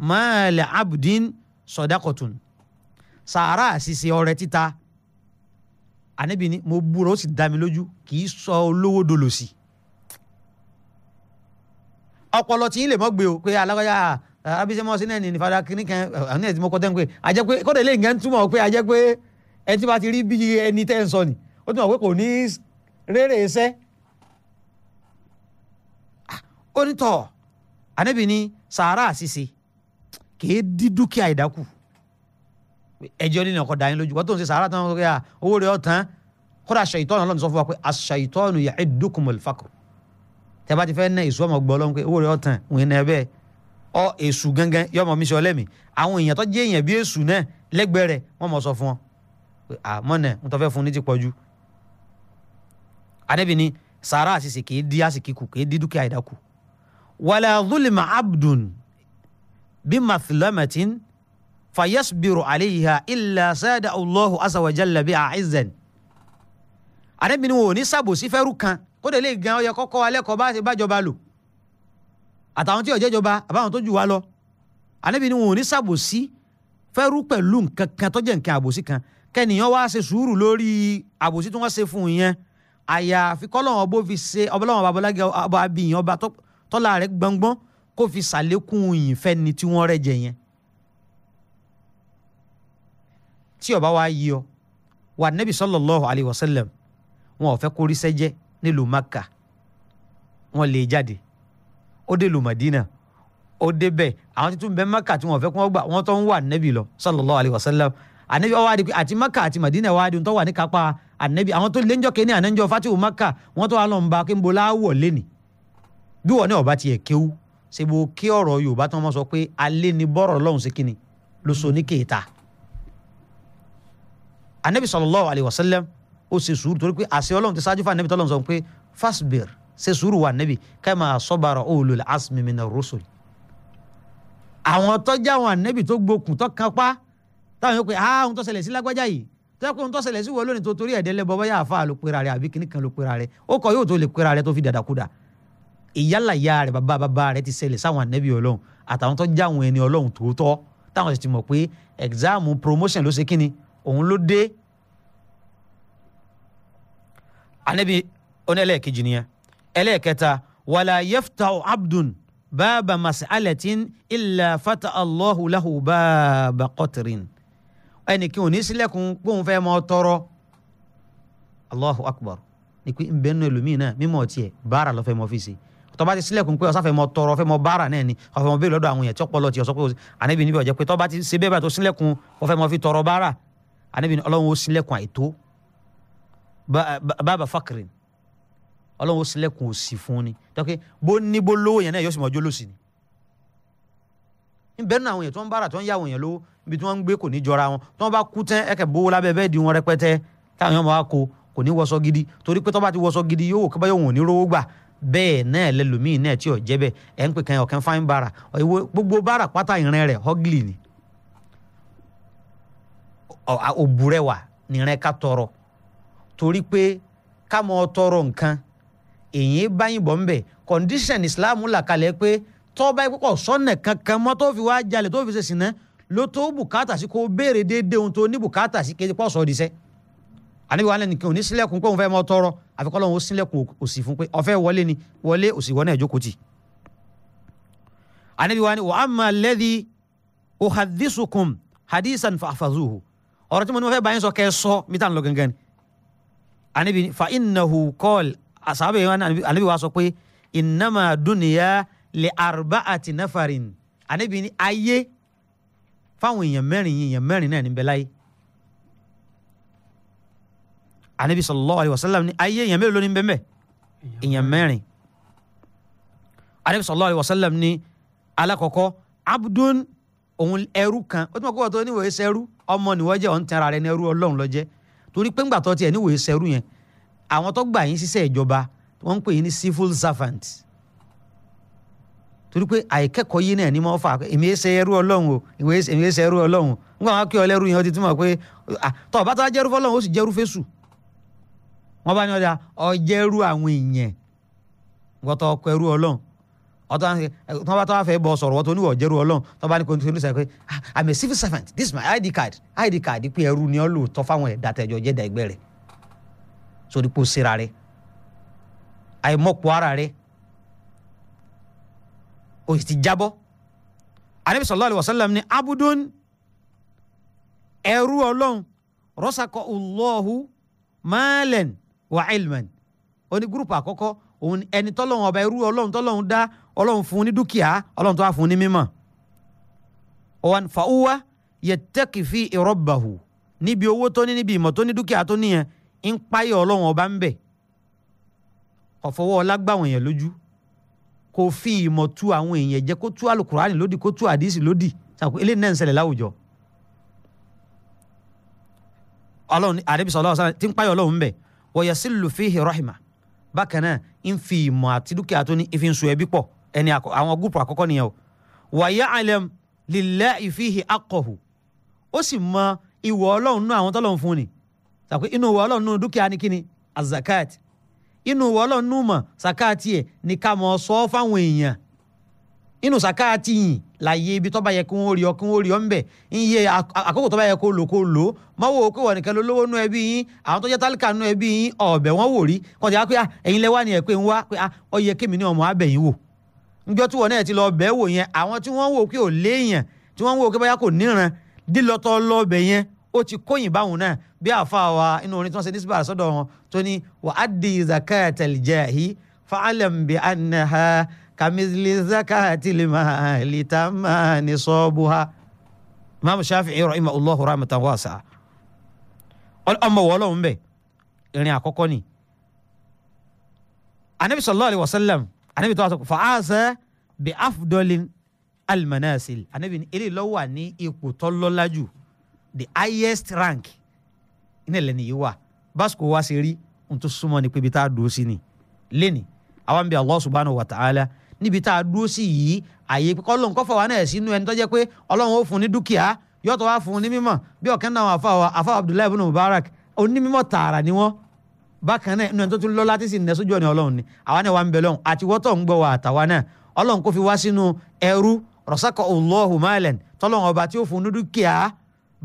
máa lè abdin sọ̀dákọ̀tún sàárà ṣíṣe ọrẹ títa ànábì ni mo búra ó sì dá mi lójú kì í sọ olówó dolòṣì ọpọlọ tí yín lè mọ gbé o pé alágbájá abisemo sinẹ ní fada kínní àwọn ẹni tí mo kọ tẹ́ǹpé ajẹ́ pé kọ́dọ̀ ilé nǹkan túmọ̀ pé ajẹ́ pé ẹni tí bá ti rí bí ẹni tẹ́ ń sọ ni ó túmọ̀ pé kò ní rere iṣẹ́ onítọ̀ ah, ànábì ni sàárà ṣíṣe kì í dí dúkìá ìdákù ẹjọ́ nínú ọkọ̀ dàáyín lójú wọ́n tó ń ṣe sàárà tán wọ́n sọ ah, owó rẹ̀ ọ̀tán kódà ṣàìtọ́nù ọlọ́run sọ fún wa pé aṣàìtọ́nù ya'idukumul faqr tẹ́ bá ti fẹ́ ná èso ọmọ gbọ́ ọlọ́run pé owó rẹ̀ ọ̀tán òun náà bẹ́ẹ̀ ọ èṣù gangan yọ ọmọ mi sọ lẹ́mìí àwọn èèyàn tó jẹ́ èèyàn bí èṣù náà lẹ́gbẹ̀ẹ́ rẹ̀ wọ́n mọ̀ sọ fún wọn pé àmọ́ náà ń tọ́ fẹ́ fún fayasbiru alayha illa sada allahu azawajalla bi aizan. àdẹ́bí ni wọn ò ní sàbòsí fẹ́rù kan kó dé lè gan ọyẹ kọ́kọ́ alẹ́ kọ́ bá ti bájọba lò àtàwọn tí ò jẹ́jọba àbáwọn tó jù wá lọ àdẹ́bí ni wọn ò ní sàbòsí fẹ́rù pẹ̀lú nǹkan kan tó jẹ́ nǹkan àbòsí kan kẹ́nìyàn wá ṣe sùúrù lórí àbòsí tí wọ́n ṣe fún yẹn àyàfi kọ́lọ́wọ́n bó fi ṣe ọbọ̀lọ́wọ́n babalágé ọba abiyàn ọba tọ́lá rẹ̀ gbọ́ngbọ́n kó fi ṣàlékún ìyìnfẹ́ tí wọ́n rẹ̀ jẹ yẹn tí ọba wa yí ọ wà nẹ́bí sallallahu alayhi wa sallam wọn ò fẹ́ kó rí sẹ́jẹ́ nílùú Makka wọn lè jáde ó dé lùú Madina ó dé bẹ́ẹ̀ àwọn tuntun bẹ́ẹ̀ Makka tí wọn ò fẹ́ kó wọn gbà wọn tó ń wà nẹ́bí lọ sallallahu alayhi wa sallam anabi ọwọ adi àti maka àti madina wa adi ntọ́wà ní kápá anabi àwọn tó lé njọ́ kéne ànájọ́ fatihu maka wọ́n tó wà lọ́n ba kí n bolá wọ̀ lẹ́ni bí wọ́n ní ọba tiẹ̀ kéwú ṣe bó kí ọ̀rọ̀ yorùbá tó wọ́n sọ pé alẹ́ ni bọ́rọ̀ lọ́hùn sí kíni lóso ní kéèta anabi sallallahu alayhi wa sallam ó ṣe sùúrù torí pé àṣẹ ọlọ́run ti ṣáájú fún anabi tọ́lọ́run sọ pé fasbir se sùúrù wa nabi kama sabara ulul azmi mina rusul. àwọn tọ́jà wọn anabi tó gbókùn tó kan pa táwọn yóò pé ah ohun tó ṣẹlẹ̀ sí lágbájá yìí tó yẹ kó ohun tó ṣẹlẹ̀ sí wọ lónìí tó torí ẹ̀dẹ́ lẹ́bọ bọ́yá àfa ló pera rẹ̀ àbí kíní kan ló pera rẹ̀ ó kọ yóò tó lè pera rẹ̀ tó fi dàdàkúdà ìyálà ya rẹ̀ bàbá bàbá rẹ̀ ti ṣẹlẹ̀ sáwọn anabi ọlọ́run àtàwọn tó jáwọn ẹni ọlọ́run tòótọ́ táwọn sì ti mọ̀ pé ẹ̀gzáàmù promotion ló ṣe kíni òun ló dé anabi onílẹ̀kejì nìyẹn ẹlẹ́ẹ̀kẹta wàlá yaftahu abdun báàbà masalatin illa fata allahu lahu báàbà qatrin ẹnìkan ò ní sílẹ̀kùn gbóhùn fẹ́ mọ́ tọrọ allahu akbar ni pé nbẹ nínú ẹlòmíì náà mímọ tiẹ báárà lọ fẹ́ mọ fèsì tọba ti sílẹ̀kùn pé ọsàfẹ mọ tọrọ fẹ́ mọ báárà náà ni ọfẹ mọ bẹ́ẹ̀ lọ́dọ̀ àwọn yẹn tí ọpọlọ tiẹ sọ pé ànábì níbi ọjọ pé tọba ti ṣe bá tó sílẹ̀kùn ọfẹ mọ fi tọrọ báárà anabi ni ọlọ́run ó ṣílẹ̀kùn àìtó bàbá fakirin ọlọ́run ó ṣílẹ̀kùn òsì fún ni tọ́kẹ́ bó ní bó lówó yẹn náà yóò sì mọ́ ọjọ́ lòsì ni nbẹ nínú àwọn èèyàn tó ń bára tó ń yá àwọn èèyàn lówó ibi tí wọ́n ń gbé kò ní jọra wọn tó wọ́n bá kú tán ẹ̀kẹ́ bówó lábẹ́ bẹ́ẹ̀ di wọn rẹpẹtẹ táwọn èèyàn máa kó kò ní gidi torí pé tó ti wọṣọ gidi yóò kọ́ báyọ̀ wọn ò ní rówó gbà bẹ́ẹ̀ náà lẹ́lòmíì náà tí ò jẹ́ bẹ́ẹ̀ ẹ̀ ń pè kàn ọ̀kẹ́ gbogbo bára pátá ìrìn rẹ̀ ọ́gìlì ni òbúrẹ́ wà nìrẹ́ ká tọrọ torí pé ká mọ tọrọ nǹkan èyí báyìí bọ̀ ńbẹ̀ condition islam là kalẹ̀ pé tọ́ba ìpínpọ̀ sọ́nà kankan mọ́ tó fi wá jalè tó fi ṣe sìnà ló tó bùkátà sí kó béèrè déédéé ohun tó ní bùkátà sí kéde pọ̀ sọ́ọ́ diṣẹ́ àníbi wàhálà nìkan ò ní sílẹ̀kùn pé òun fẹ́ mọ tọrọ àfikọ́ lọ́hún ó sílẹ̀kùn òsì fún pé ọ̀fẹ́ wọlé ni wọlé òsì wọ́n náà jókòó tì àníbi wàhálà wa amma alladhi uhadithukum hadisan fa'fazuhu ọ̀rọ̀ tí mo ní mo fẹ́ bá yín sọ kẹ́ ẹ sọ mi tá n lọ gangan ni anabi fa innahu kọ́ọ̀l àsábẹ̀ yẹn anabi wa sọ pé innama dúnìyà lè arba àti nafarin anabi ni ayé fáwọn èèyàn mẹ́rin èèyàn mẹ́rin náà níbẹ̀ láyé anabi sallallahu wa sallam ni ayé èèyàn mélòó ní bẹ́ẹ̀ èèyàn mẹ́rin anabi sallallahu wa sallam ni alakọ̀kọ́ abdun òun ẹrú kan ó ti mọ̀ kó wọ́n tó níwèé sẹ́rú ọmọ níwọ́ jẹ́ ọ̀n tẹ́ra rẹ ní ẹrú ọlọ́run ló jẹ́ torí pé ńgbà tó tiẹ̀ níwèé sẹ́rú yẹn àwọn tó gbà yín síṣẹ́ ìjọba wọ́n ń pè yín ní civil servant torí pé àìkẹ́kọ̀ọ́ yín náà ni mo fà èmi ẹ̀ ṣe ẹrú ọlọ́run o èmi ẹ̀ ṣe ẹrú ọlọ́run o ńgbà wọn kí ọ lẹ́rú yẹn ó ti túmọ̀ pé tọ́ ọ̀bá tó jẹ́rú fọlọ́run ó sì jẹ́rú fésù wọ́n bá ní ọjà ọjẹ́rú àwọn èèyàn wọ́tọ̀ ọkọ̀ ẹrú ọlọ́run ọtọ tọ́ bá tọ́ bá fẹ́ bọ sọ̀rọ̀ wọ́n tó níwọ̀ jẹ́rú ọlọ́run tọ́ bá ní kò ní sọ ah, i'm a civil servant this is my id card id card pé ẹrú ni ọ́ lò tọ́ fáwọn ẹ̀dá tẹ̀jọ́ jẹ́dá ẹgbẹ́ rẹ̀ sórí pò síra rẹ̀ àìmọ̀pọ̀ ara rẹ̀ òyì ti jábọ́ anabi sallallahu alayhi wa sallam ni abudun ẹrú ọlọ́run rọ́sàkọ ọlọ́hu máàlẹ̀n wà ilmẹ̀n ó ní gúrùpù àkọ́kọ́ òun ẹni tọ́lọ́run ọba ẹrú ọlọ́run tọ́lọ́run dá ọlọ́run fún un ní dúkìá ọlọ́run tó wá fún un ní mímọ̀ ọ̀wọ́n fàáwá yẹtẹ́kì fi ìrọ́bàhù níbi owó tó ní níbi ìmọ̀ tó ní dúkìá tó níyẹn ń páyọ̀ ọlọ́run ọba ń bẹ̀ ọ̀fọwọ́ ọlágbàwọ̀n yẹn lójú kò fi ìmọ̀ tu àwọn èèyàn jẹ́ kó tú alukurani lódì kó tú àdìsí lódì sàkó eléyìí náà ń ṣẹlẹ̀ láwùjọ ọlọ́run àdébísọ̀ ọlọ́run sára tí ń páyọ̀ ọlọ́run ń bẹ̀ bákan náà ń fi ìmọ̀ àti dúkìá tó ní ìfi ń so ẹbí pọ̀ ẹni àwọn gúùpù àkọ́kọ́ nìyẹn o wa ya'lam lillahi fihi haqqahu ó sì mọ ìwọ ọlọ́run nú àwọn tọ́lọ́run fún ni sàpé inú ìwọ ọlọ́run nú dúkìá ni kíni azakat inú ìwọ ọlọ́run nú mọ̀ sàkáàtì ẹ̀ ní ká mọ̀ sọ fáwọn èèyàn inú sàkáàtì yìí láàyè ibi tó bá yẹ kí wọ́n rí ọ kí wọ́n rí ọ ń bẹ̀ iye àkókò tó bá yẹ kó lò kó lò mọ́wó pé wọ́n nìkan lówó nú ẹbí yín àwọn tó jẹ́ tálíkà nú ẹbí yín ọ̀bẹ̀ wọ́n wò rí kọ́ńtà yà pé ah, ẹ̀yin lẹ́wà ni ẹ̀ pé ń wá pé ọ ah, yẹ kémi ní ọmọ abẹ́yìn wò njọ́ tí wọ́n náà ti lọ bẹ́ẹ̀ wò yẹn àwọn tí wọ́n ń wò pé ò léèyàn tí wọ́n ń wò pé báyà kò níran dílọ́tọ́ lọ́ọ̀bẹ̀ yẹn ó ti kóyìn báwọn náà bí àáfàá wa inú orin tí wọ́n ṣe ní síbàrà sọ́dọ̀ wọn tó ní wà á di zakata aljahi fa'alam bi annaha kamizli zakati limali tamani sọ́ọ̀bùha imam shafi'i rahimahullahu rahmatan wasi'a ọmọ wọlọ́wọ́n bẹ̀ ìrìn àkọ́kọ́ ni anabi sallallahu alayhi wa sallam anabi tó wá sọ pé fàáṣẹ bí afdolin almanasil anabi ní eléyìí ló wà ní ipò tó the highest rank iná lẹ́nu yìí wà báṣkò wá sí rí ohun tó ni pé ibi tá a dúró sí ni lẹ́ni àwọn bíi Allah subhanahu wa ta'ala níbi tá a dúró sí yìí àyè pé kọ́lọ́n wa náà sínú ẹni tó jẹ́ pé ọlọ́run ó fún ní dúkìá yóò tó wá fún ní mímọ̀ bí ọ̀kan náà àfa àfa Abdullahi ibn Mubarak onímọ̀ tààrà ni wọ́n bákan náà nínú ẹni tó tún lọ́lá tí sì nẹ́ sójú ọ̀nà ọlọ́run ni àwa náà wà ń bẹ lọ́hùn àti wọ́tọ̀ ń gbọ́ wa àtàwa náà ọlọ́run kò fi wá sínú ẹrú rọ̀sákọ̀ ọlọ́hùn máàlẹ̀n tọ́lọ́run ọba tí ó fún un dúkìá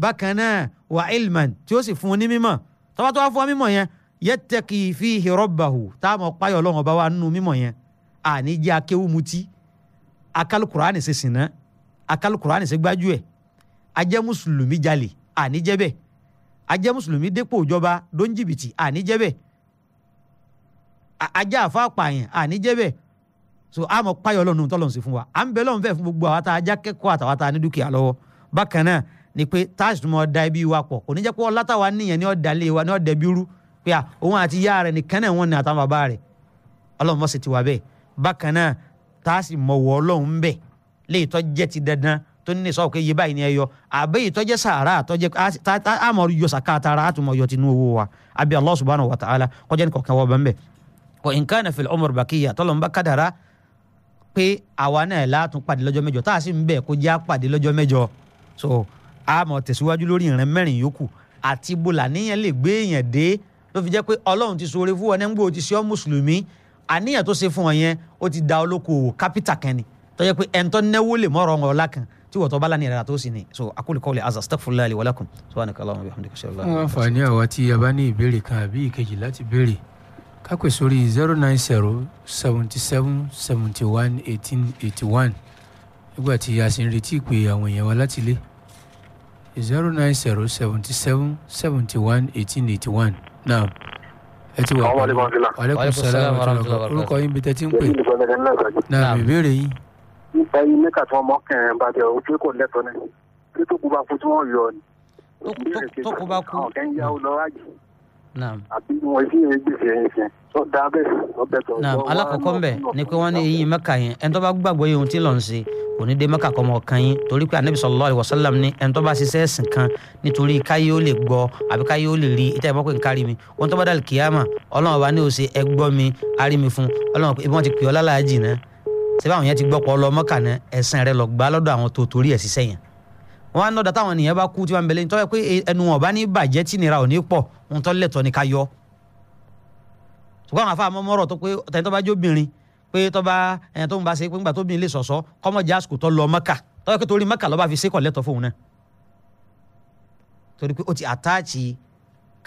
bákan náà wà ilman tí ó sì fún un ní mímọ̀ tọ́ba tó wá fún wa mímọ̀ yẹn yẹ́tẹ̀kì fi hìrọ́bàhù táwọn páyọ̀ ọlọ́run ọba wa nínú mímọ̀ yẹn àní jẹ́ akéwú mutí akalukurani ajá àfa àpààyàn àníjẹ́bẹ̀ so a mọ̀ páyọ̀ ọlọ́run tọ́lọ̀ sí fún wa à ń bẹ lọ́run fẹ́ fún gbogbo àwa tá a já kẹ́kọ̀ọ́ àtàwa tá a ní dúkìá lọ́wọ́ bákan náà ni pé táàsì tó mọ̀ da ibi wa pọ̀ kò ní jẹ́ pé ọlá táwa níyẹn ní ọ̀dà ilé wa ní ọ̀dà ibi rú pé à òun àti yá rẹ̀ nìkan náà wọ́n ní àtàwọn bàbá rẹ̀ ọlọ́run mọ̀ sí tiwa bẹ́ẹ̀ bákan náà táàsì mọ̀wọ́ ọlọ́run bẹ̀ lè tọ́ ti dandan tó ní sọ pé iye báyìí ni ẹ yọ àbẹ ìtọ́jẹ́ sàárà àtọ́jẹ́ àmọ́ yọ sàkáàtà àtúmọ̀ yọ tinú owó wa àbí Allah subhanahu wa ta'ala kọjá ní kọ̀ọ̀kan wọ́n bẹ́ẹ̀ wa in kana fil umur bakiya tọ́lọ́n bá kádàrá pé àwa náà látún pàdé lọ́jọ́ mẹ́jọ tá a sì ń bẹ̀ kó já pàdé lọ́jọ́ mẹ́jọ so a mọ̀ tẹ̀síwájú lórí ìrìn mẹ́rin yòókù àti bọ́là níyẹn lè gbé èèyàn dé ló fi jẹ́ pé ọlọ́run ti ṣoore fún wọn nígbà tí sọ mùsùlùmí àníyàn tó ṣe fún ọ yẹn ó ti da olókoòwò kápítà kan ni tó jẹ́ pé ẹ̀ńtọ́ náwó lè mọ̀ ọ̀rọ̀ ọ̀la tí wọ́n tó bá lánìí rẹ̀ tó sì ni so akulu qawli azza astaghfirullah li wa lakum subhanaka allahumma wa bihamdika. wọ́n fà ní àwa tí a ní ìbéèrè kan àbí ìkejì láti béèrè kápẹ́ sórí zero nine zero seventy seven seventy one eighteen eighty one nígbà tí a sì ń retí ìpè àwọn èèyàn wa láti ilé zero nine zero seventy seven seventy one eighteen eighty one now ẹ ti wà pẹ̀lú aleykum salaam wa rahmatulah orúkọ yín bí tẹ́tí ń pè náà ìbéèrè yín. ẹyin mẹ́ta tí wọ́n mọ kẹrin bá jẹ ojú kò lẹ́tọ̀ọ́ ni tí tó kú bá kú tí wọ́n yọ ni. tó kú bá kú. àwọn kẹ́hìn yá ó lọ wájú àbí wọn fi yẹn gbèsè yẹn sẹ tó da bẹ tó bẹ tó. naam alakoko nbẹ ni pé wọn ní eyín mẹ́ka yẹn ẹni tó bá gbàgbọ́ yẹn ohun tí lọ ń ṣe kò ní dé mẹ́ka kọmọ kan yín torí pé anabi sallallahu alaihi wasallam ní ẹni tó bá kan nítorí káyé ó lè gbọ́ àbí káyé ó lè rí ìtẹ́ ìbọn pé mi wọn tó bá dàlù kíyàmà Ọlọ́run wa ní o ṣe ẹ gbọ́ mi arí mi fún Ọlọ́run pé ìbọn ti pè ọ lálàájì náà ṣé báwọn yẹn ti gbọ́ pọ̀ ọlọ́mọ́kà náà ẹ̀sìn rẹ lọ gbá lọ́dọ̀ àwọn tó torí ẹ̀ ṣiṣẹ́ yẹn wọn á nọdà táwọn ènìyàn bá kú tí wọn bẹlẹ ní tọ́wọ́ pé ẹnu wọn bá ní bàjẹ́ tí nira ò pọ̀ wọn tọ́ lẹ̀tọ́ ni ká yọ. ṣùgbọ́n àwọn afáàmọ́ mọ́rọ̀ tó pé tẹ̀yìn tó bá jóbìnrin pé tó bá ẹ̀yìn tó ń bá ṣe pé ńgbà tó bìnrin lè sọ̀sọ́ kọ́mọ jásùkù tó lọ mọ́kà tọ́wọ́ pé torí mọ́kà lọ́ba fi ṣe kọ̀ lẹ́tọ̀ fóun náà. torí pé ó ti àtáàchì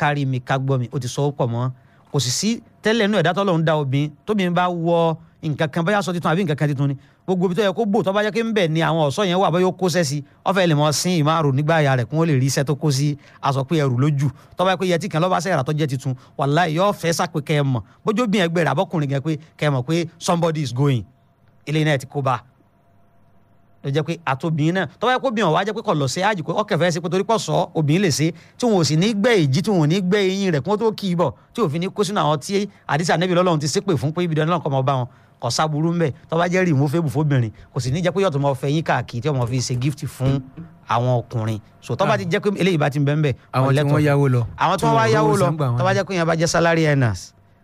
kárí mi ká gbọ́ mi ó ti sọ ó pọ̀ mọ́ kò sì sí tẹ́lẹ̀ inú ẹ̀dá tọ́lọ́run dá obìnrin tóbìnrin bá wọ nǹkan kan báyà sọ titun àbí nǹkan kan titun ni gbogbo ibi tó yẹ kó bò tó bá jẹ́ kí ń bẹ̀ ni àwọn ọ̀ṣọ́ yẹn wà bá yóò kóṣẹ́ sí ọ̀fẹ́ lè mọ sin ìmáàrún nígbà àyà rẹ̀ kí wọ́n lè rí iṣẹ́ tó kó sí aṣọ pé ẹrù lójú tó bá yẹ pé yẹtí kan lọ́ba sẹ́yàrá tó jẹ́ tuntun wàláhì yóò fẹ́ sápé kẹ́ ẹ mọ̀ bójú bí ẹgbẹ́ rẹ̀ abọ́kùnrin yẹn pé kẹ́ ẹ mọ̀ pé somebody is going ilé náà ti kó bá ló jẹ́ pé àtòbìnrin náà tó bá yẹ kó bìnrin wá jẹ́ pé kò lọ sí àjùkọ́ ọkẹ́ fẹ́ sí pé torí pọ̀ sọ obìnrin lè ṣe tí wọn ò sì ní gbẹ́ èjì tí wọn ò ní gbẹ́ eyín rẹ̀ kí wọ́n tó kì í bọ̀ tí òfin ní kó sínú àwọn tí àdìsí ànẹ́bí lọ́lọ́run ti ṣépè fún pé ibi ìdáná ọmọ bá wọn kò sáburú mbẹ tó bá jẹ́ removable fóbìnrin kò sì ní jẹ́ pé yọ̀tọ̀ mọ́ fẹ́ yín káàkiri tí wọ́n fi ṣe gift fún àwọn ọkùnrin so tó bá ti jẹ́ pé eléyìí bá ti ń bẹ́ ń bẹ̀. àwọn tí wọ́n yáwó lọ àwọn tí wọ́n wá yáwó lọ tó bá jẹ́ pé yẹn bá jẹ́ salary earners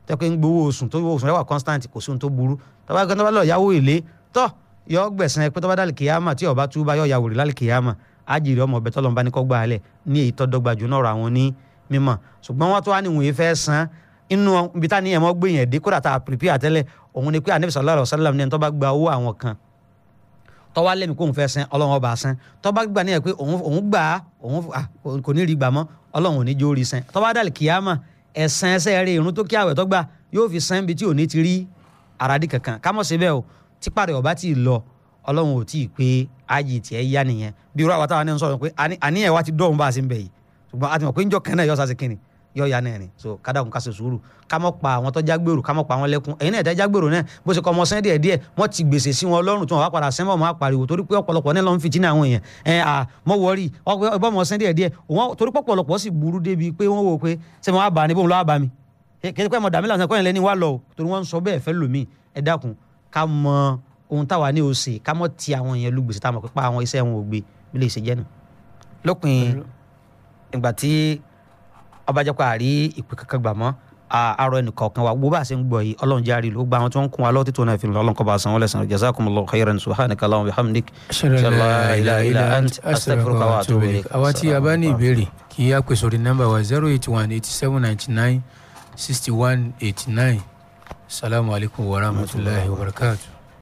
tó pé ń gbowó oṣù tó gbowó oṣù rẹwà constant kò sí ohun tó burú tó bá gbẹ́ni tó bá lọ yáwó èlé tó yọ gbẹ̀sán ẹ pé tó bá dálì kìyàmà tí ọba túbá yọ yàwòrì lálì kìyàmà ájìrì òun ni pé anabi sallallahu alayhi wa sallam ní ẹni tó bá gba owó àwọn kan tó wá lẹ́mi kó òun fẹ́ san ọlọ́run ọba san tó bá gbà níyà pé òun gbà òun kò ní rí gbà mọ́ ọlọ́run ò ní jó rí san tó bá dàlí kìyàmà ẹ̀sán ẹsẹ̀ rẹ̀ irun tó kí àwẹ̀ tó gbà yóò fi san ibi tí òun ti rí àràdì kankan kámọ̀ síbẹ̀ o tipa rẹ̀ ọba ti lọ ọlọ́run ò tí ì pé ayé tiẹ̀ yá nìyẹn bí irú àwọn táwọn ẹni sọ̀rọ̀ pé àníyàn wa ti dọ̀hún yóò ya náà ni so kádàkùn ká ṣe sùúrù ká mọ̀ pa àwọn tó jágbèrò ká mọ̀ pa àwọn lẹ́kún ẹ̀yin náà ẹ̀dá jágbèrò náà bó ṣe kọ́ ọmọ sẹ́ńdẹ̀ díẹ̀ wọ́n ti gbèsè sí wọn lọ́rùn tí wọ́n wá padà sẹ́ńbọ̀ máa pariwo torí pé ọ̀pọ̀lọpọ̀ náà ló ń fìtínà àwọn èèyàn ẹ̀ à mọ̀ wọ́rí ọgbọ́n ọmọ sẹ́ńdẹ̀ díẹ̀ torí pọ̀pọ̀lọpọ̀ sì burú débi pé wọ́n wò pé ṣé mo wá bà ní bóun lọ́wọ́ bà mí kìí pẹ́ mọ̀ dàmí làwọn sẹ́kọ̀ọ́ yẹn lẹ́ni wá lọ torí wọ́n ń sọ bẹ́ẹ̀ fẹ́ lòmíì ẹ dákun ká mọ ohun táwa ní òsè ká mọ̀ ti àwọn èèyàn lu gbèsè táwọn pípa àwọn iṣẹ́ wọn abájọpọ̀ àrí ìpè kankan gbà mọ́ arọ ẹnìkọ̀ọ̀kan wa gbogbo bá a ṣe ń gbọ́ yìí ọlọ́run jẹ́ àrí ló gba àwọn tó ń kún wa lọ́wọ́ títún náà fi lọ́lọ́n kọ́ bá a án jazakumullahu khairan subhanaka allahumma bihamdik shalala ila ila ant astaghfiruka wa atubu ilayk. àwa tí a bá ní wa zero eight one eighty seven ninety nine sixty one eighty nine salamu alaykum wa rahmatulahi wa barakatuh.